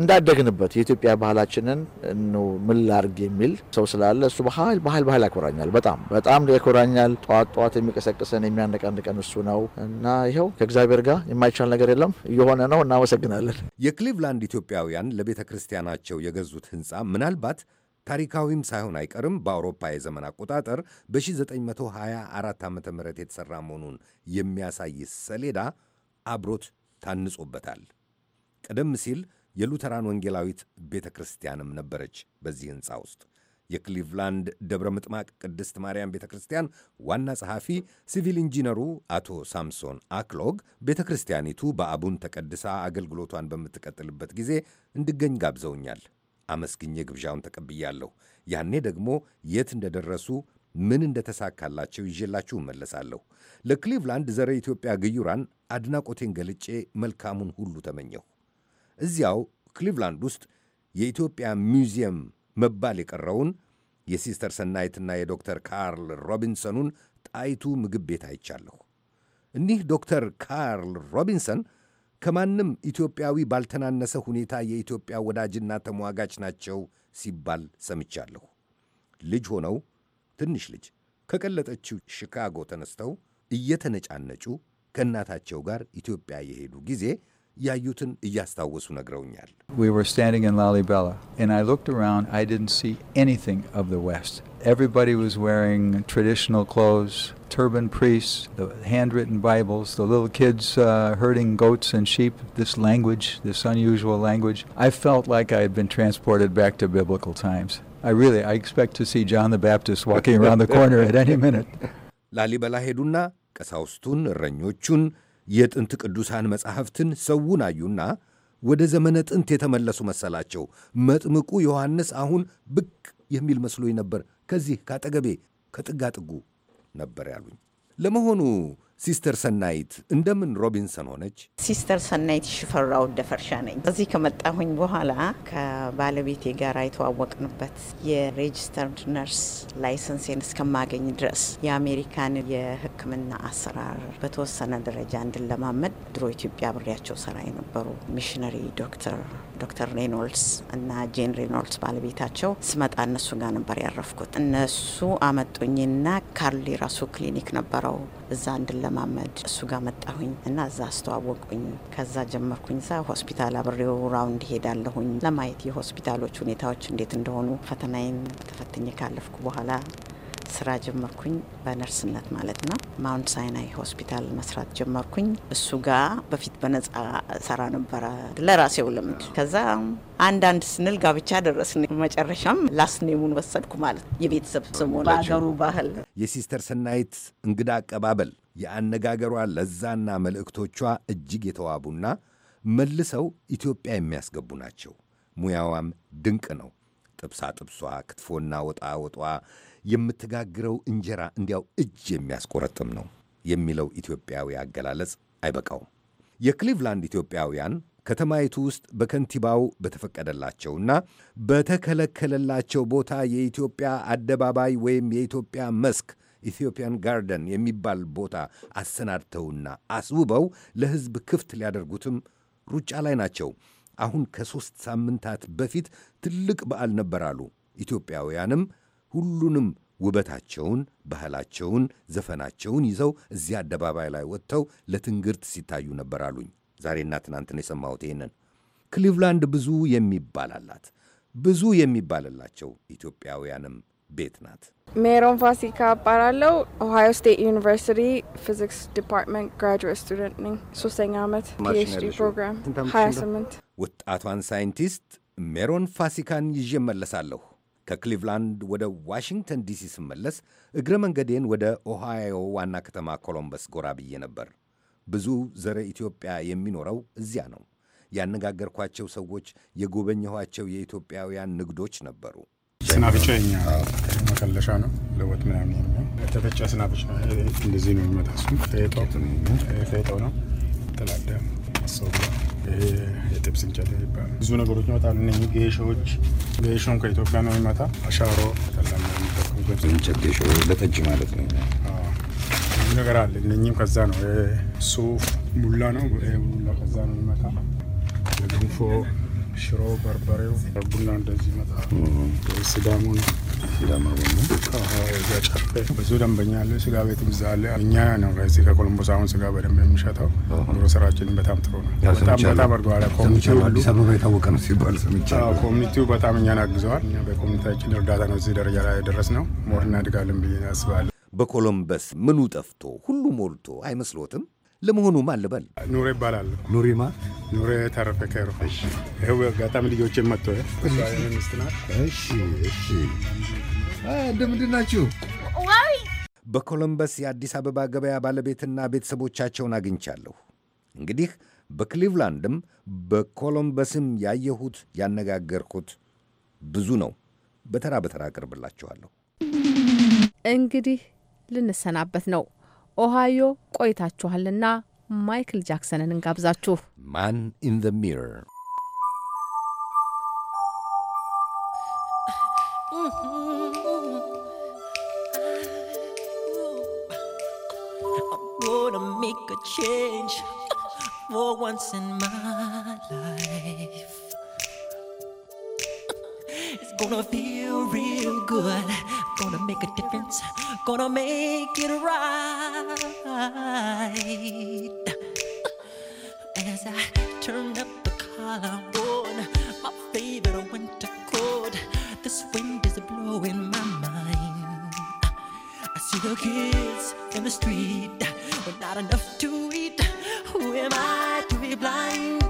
እንዳደግንበት የኢትዮጵያ ባህላችንን ምን ላድርግ የሚል ሰው ስላለ እሱ ባህል ባህል ባህል ያኮራኛል። በጣም በጣም ያኮራኛል። ጠዋት ጠዋት የሚቀሰቅሰን የሚያነቃንቀን እሱ ነው እና ይኸው ከእግዚአብሔር ጋር የማይቻል ነገር የለም እየሆነ ነው። እናመሰግናለን። የክሊቭላንድ ኢትዮጵያውያን ለቤተ ክርስቲያናቸው የገዙት ህንፃ ምናልባት ታሪካዊም ሳይሆን አይቀርም በአውሮፓ የዘመን አቆጣጠር በ1924 ዓ ም የተሠራ መሆኑን የሚያሳይ ሰሌዳ አብሮት ታንጾበታል። ቀደም ሲል የሉተራን ወንጌላዊት ቤተ ክርስቲያንም ነበረች በዚህ ሕንፃ ውስጥ። የክሊቭላንድ ደብረ ምጥማቅ ቅድስት ማርያም ቤተ ክርስቲያን ዋና ጸሐፊ ሲቪል ኢንጂነሩ አቶ ሳምሶን አክሎግ ቤተ ክርስቲያኒቱ በአቡን ተቀድሳ አገልግሎቷን በምትቀጥልበት ጊዜ እንድገኝ ጋብዘውኛል። አመስግኜ ግብዣውን ተቀብያለሁ። ያኔ ደግሞ የት እንደደረሱ ምን እንደተሳካላቸው ይዤላችሁ እመለሳለሁ። ለክሊቭላንድ ዘረ ኢትዮጵያ ግዩራን አድናቆቴን ገልጬ መልካሙን ሁሉ ተመኘሁ። እዚያው ክሊቭላንድ ውስጥ የኢትዮጵያ ሚውዚየም መባል የቀረውን የሲስተር ሰናይትና የዶክተር ካርል ሮቢንሰኑን ጣይቱ ምግብ ቤት አይቻለሁ። እኒህ ዶክተር ካርል ሮቢንሰን ከማንም ኢትዮጵያዊ ባልተናነሰ ሁኔታ የኢትዮጵያ ወዳጅና ተሟጋች ናቸው ሲባል ሰምቻለሁ። ልጅ ሆነው ትንሽ ልጅ ከቀለጠችው ሽካጎ ተነስተው እየተነጫነጩ ከእናታቸው ጋር ኢትዮጵያ የሄዱ ጊዜ ያዩትን እያስታወሱ ነግረውኛል። ላሊበላ turban priests, the handwritten Bibles, the little kids uh, herding goats and sheep, this language, this unusual language. I felt like I had been transported back to biblical times. I really, I expect to see John the Baptist walking around the corner at any minute. ላሊበላ ሄዱና ቀሳውስቱን፣ እረኞቹን፣ የጥንት ቅዱሳን መጻሕፍትን ሰውን አዩና ወደ ዘመነ ጥንት የተመለሱ መሰላቸው። መጥምቁ ዮሐንስ አሁን ብቅ የሚል መስሎኝ ነበር ከዚህ ካጠገቤ ከጥጋጥጉ ነበር ያሉኝ። ለመሆኑ ሲስተር ሰናይት እንደምን ሮቢንሰን ሆነች? ሲስተር ሰናይት ሽፈራው ደፈርሻ ነኝ። እዚህ ከመጣሁኝ በኋላ ከባለቤቴ ጋር የተዋወቅንበት የሬጅስተርድ ነርስ ላይሰንሴን እስከማገኝ ድረስ የአሜሪካን የሕክምና አሰራር በተወሰነ ደረጃ እንድለማመድ ድሮ ኢትዮጵያ አብሬያቸው ስራ የነበሩ ሚሽነሪ ዶክተር ዶክተር ሬኖልድስ እና ጄን ሬኖልድስ ባለቤታቸው ስመጣ እነሱ ጋር ነበር ያረፍኩት። እነሱ አመጡኝና ካርሊ ራሱ ክሊኒክ ነበረው እዛ እንድለማመድ እሱ ጋር መጣሁኝ እና እዛ አስተዋወቁኝ። ከዛ ጀመርኩኝ። እዛ ሆስፒታል አብሬው ራውንድ ሄዳለሁኝ ለማየት የሆስፒታሎች ሁኔታዎች እንዴት እንደሆኑ ፈተናዬን ተፈትኜ ካለፍኩ በኋላ ስራ ጀመርኩኝ በነርስነት ማለት ነው። ማውንት ሳይናይ ሆስፒታል መስራት ጀመርኩኝ። እሱ ጋር በፊት በነጻ ሰራ ነበረ ለራሴው ልምድ። ከዛ አንዳንድ ስንል ጋብቻ ደረስን። መጨረሻም ላስኔሙን ወሰድኩ ማለት የቤተሰብ ስም በአገሩ ባህል። የሲስተር ስናይት እንግዳ አቀባበል፣ የአነጋገሯ ለዛና መልእክቶቿ እጅግ የተዋቡና መልሰው ኢትዮጵያ የሚያስገቡ ናቸው። ሙያዋም ድንቅ ነው። ጥብሳ ጥብሷ፣ ክትፎና ወጣ ወጧ የምትጋግረው እንጀራ እንዲያው እጅ የሚያስቆረጥም ነው የሚለው ኢትዮጵያዊ አገላለጽ አይበቃውም። የክሊቭላንድ ኢትዮጵያውያን ከተማይቱ ውስጥ በከንቲባው በተፈቀደላቸውና በተከለከለላቸው ቦታ የኢትዮጵያ አደባባይ ወይም የኢትዮጵያ መስክ ኢትዮጵያን ጋርደን የሚባል ቦታ አሰናድተውና አስውበው ለሕዝብ ክፍት ሊያደርጉትም ሩጫ ላይ ናቸው። አሁን ከሦስት ሳምንታት በፊት ትልቅ በዓል ነበር አሉ ኢትዮጵያውያንም ሁሉንም ውበታቸውን፣ ባህላቸውን፣ ዘፈናቸውን ይዘው እዚያ አደባባይ ላይ ወጥተው ለትንግርት ሲታዩ ነበር አሉኝ። ዛሬና ትናንት ነው የሰማሁት ይህንን። ክሊቭላንድ ብዙ የሚባላላት ብዙ የሚባልላቸው ኢትዮጵያውያንም ቤት ናት። ሜሮን ፋሲካ እባላለሁ። ኦሃዮ ስቴት ዩኒቨርሲቲ ፊዚክስ ዲፓርትመንት ግራጁዌት ስቱደንት ነኝ። ሶስተኛ ዓመት ፒኤችዲ ፕሮግራም 28 ወጣቷን ሳይንቲስት ሜሮን ፋሲካን ይዤ መለሳለሁ ከክሊቭላንድ ወደ ዋሽንግተን ዲሲ ስመለስ እግረ መንገዴን ወደ ኦሃዮ ዋና ከተማ ኮሎምበስ ጎራ ብዬ ነበር። ብዙ ዘረ ኢትዮጵያ የሚኖረው እዚያ ነው። ያነጋገርኳቸው ሰዎች የጎበኘኋቸው የኢትዮጵያውያን ንግዶች ነበሩ። ስናፍጫ የኛ መከለሻ ነው። ለወጥ ምናምን ተፈጫ ስናፍጫ እንደዚህ ነው የሚመጣ ፌጦ ነው ጥላዳ ሰው የጥብስ እንጨት ይባላል። ብዙ ነገሮች ይመጣሉ። እነ ጌሾዎች፣ ጌሾም ከኢትዮጵያ ነው የሚመጣ። አሻሮ እንጨት ጌሾ ለጠጅ ማለት ነው። ብዙ ነገር አለ። እነህም ከዛ ነው። ሱፍ ሙላ ነው። ሙላ ከዛ ነው የሚመጣ። ለግንፎ ሽሮ፣ በርበሬው ቡና እንደዚህ ይመጣል። ስዳሙን ሲዳማ ቡና ብዙ ደንበኛ አለ። ስጋ ቤት ብዛ አለ። እኛ ነው ከዚህ ከኮሎምቦስ አሁን ስጋ በደንብ የምንሸጠው። ኑሮ ስራችን በጣም ጥሩ ነው። በጣም በጣም አድርገዋል። ኮሚኒቲው በጣም እኛን አግዘዋል። በኮሚኒቲያችን እርዳታ ነው እዚህ ደረጃ ላይ ደረስ ነው። ሞር እናድጋለን ብዬ አስባለሁ። በኮሎምበስ ምኑ ጠፍቶ ሁሉ ሞልቶ አይመስሎትም? ለመሆኑ ማን ልበል? ኑሬ ይባላል። ኑሪማ ኑሬ ተረፈ ከይሮ። አጋጣሚ ልጆች መጥቶ እንደምንድን ናችሁ? በኮሎምበስ የአዲስ አበባ ገበያ ባለቤትና ቤተሰቦቻቸውን አግኝቻለሁ። እንግዲህ በክሊቭላንድም በኮሎምበስም ያየሁት ያነጋገርኩት ብዙ ነው። በተራ በተራ አቅርብላችኋለሁ። እንግዲህ ልንሰናበት ነው። ኦሃዮ ቆይታችኋልና ማይክል ጃክሰንን እንጋብዛችሁ። ማን ኢን ዘ ሚር Gonna make a change for once in my life. Gonna feel real good. Gonna make a difference. Gonna make it right. As I turn up the collar on my favorite winter coat, this wind is blowing my mind. I see the kids in the street with not enough to eat. Who am I to be blind?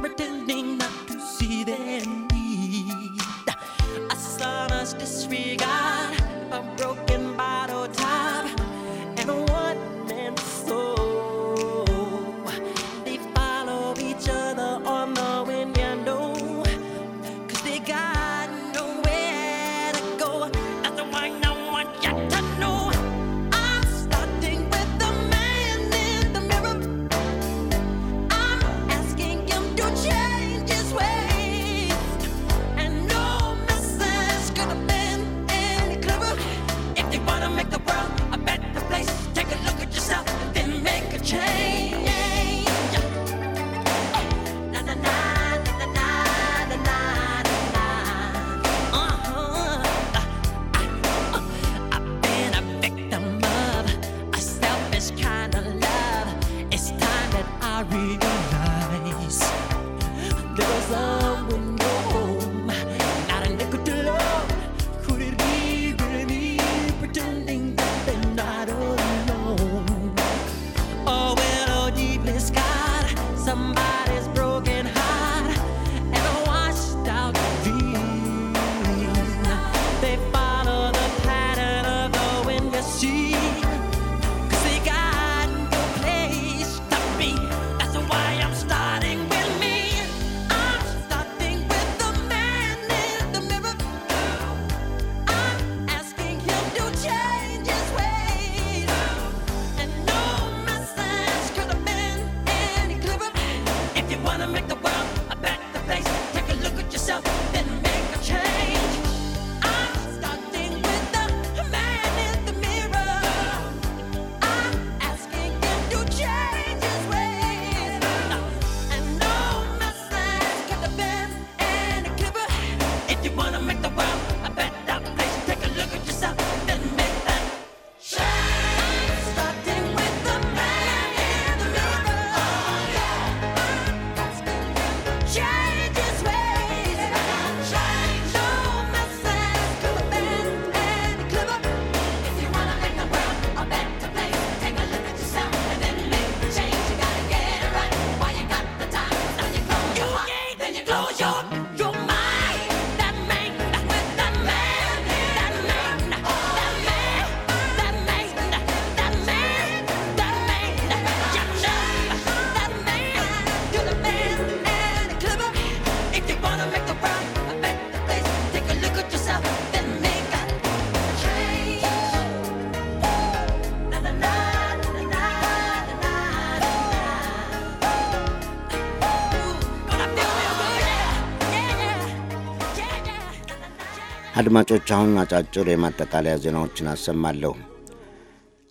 አድማጮች፣ አሁን አጫጭር የማጠቃለያ ዜናዎችን አሰማለሁ።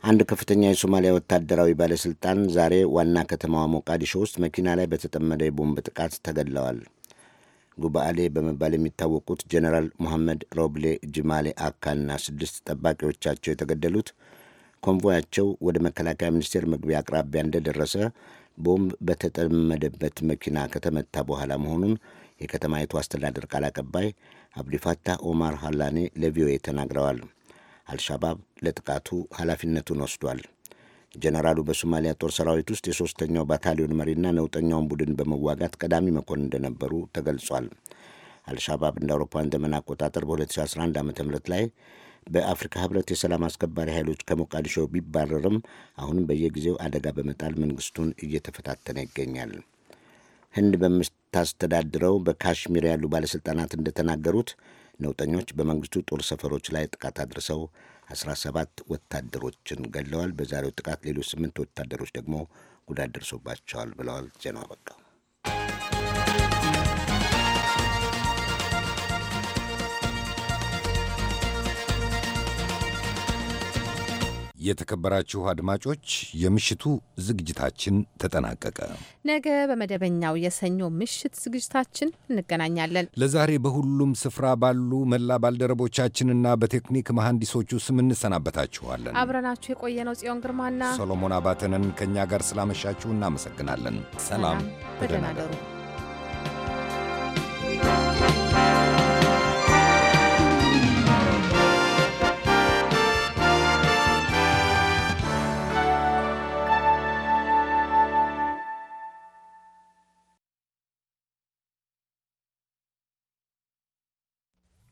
አንድ ከፍተኛ የሶማሊያ ወታደራዊ ባለሥልጣን ዛሬ ዋና ከተማዋ ሞቃዲሾ ውስጥ መኪና ላይ በተጠመደ የቦምብ ጥቃት ተገድለዋል። ጉባአሌ በመባል የሚታወቁት ጀኔራል ሙሐመድ ሮብሌ ጅማሌ አካና ስድስት ጠባቂዎቻቸው የተገደሉት ኮንቮያቸው ወደ መከላከያ ሚኒስቴር መግቢያ አቅራቢያ እንደደረሰ ቦምብ በተጠመደበት መኪና ከተመታ በኋላ መሆኑን የከተማይቱ አስተዳደር ቃል አቀባይ አብዲፋታ ኦማር ሃላኒ ለቪኦኤ ተናግረዋል። አልሻባብ ለጥቃቱ ኃላፊነቱን ወስዷል። ጀነራሉ በሶማሊያ ጦር ሰራዊት ውስጥ የሦስተኛው ባታሊዮን መሪና ነውጠኛውን ቡድን በመዋጋት ቀዳሚ መኮንን እንደነበሩ ተገልጿል። አልሻባብ እንደ አውሮፓውያን ዘመን አቆጣጠር በ2011 ዓ ም ላይ በአፍሪካ ህብረት የሰላም አስከባሪ ኃይሎች ከሞቃዲሾ ቢባረርም አሁንም በየጊዜው አደጋ በመጣል መንግስቱን እየተፈታተነ ይገኛል። ህንድ የምታስተዳድረው በካሽሚር ያሉ ባለሥልጣናት እንደተናገሩት ነውጠኞች በመንግስቱ ጦር ሰፈሮች ላይ ጥቃት አድርሰው 17 ወታደሮችን ገለዋል በዛሬው ጥቃት ሌሎች ስምንት ወታደሮች ደግሞ ጉዳት ደርሶባቸዋል ብለዋል። ዜናው አበቃ። የተከበራችሁ አድማጮች የምሽቱ ዝግጅታችን ተጠናቀቀ። ነገ በመደበኛው የሰኞ ምሽት ዝግጅታችን እንገናኛለን። ለዛሬ በሁሉም ስፍራ ባሉ መላ ባልደረቦቻችንና በቴክኒክ መሐንዲሶቹ ስም እንሰናበታችኋለን። አብረናችሁ የቆየነው ጽዮን ግርማና ሶሎሞን አባተንን ከእኛ ጋር ስላመሻችሁ እናመሰግናለን። ሰላም፣ በደህና እደሩ።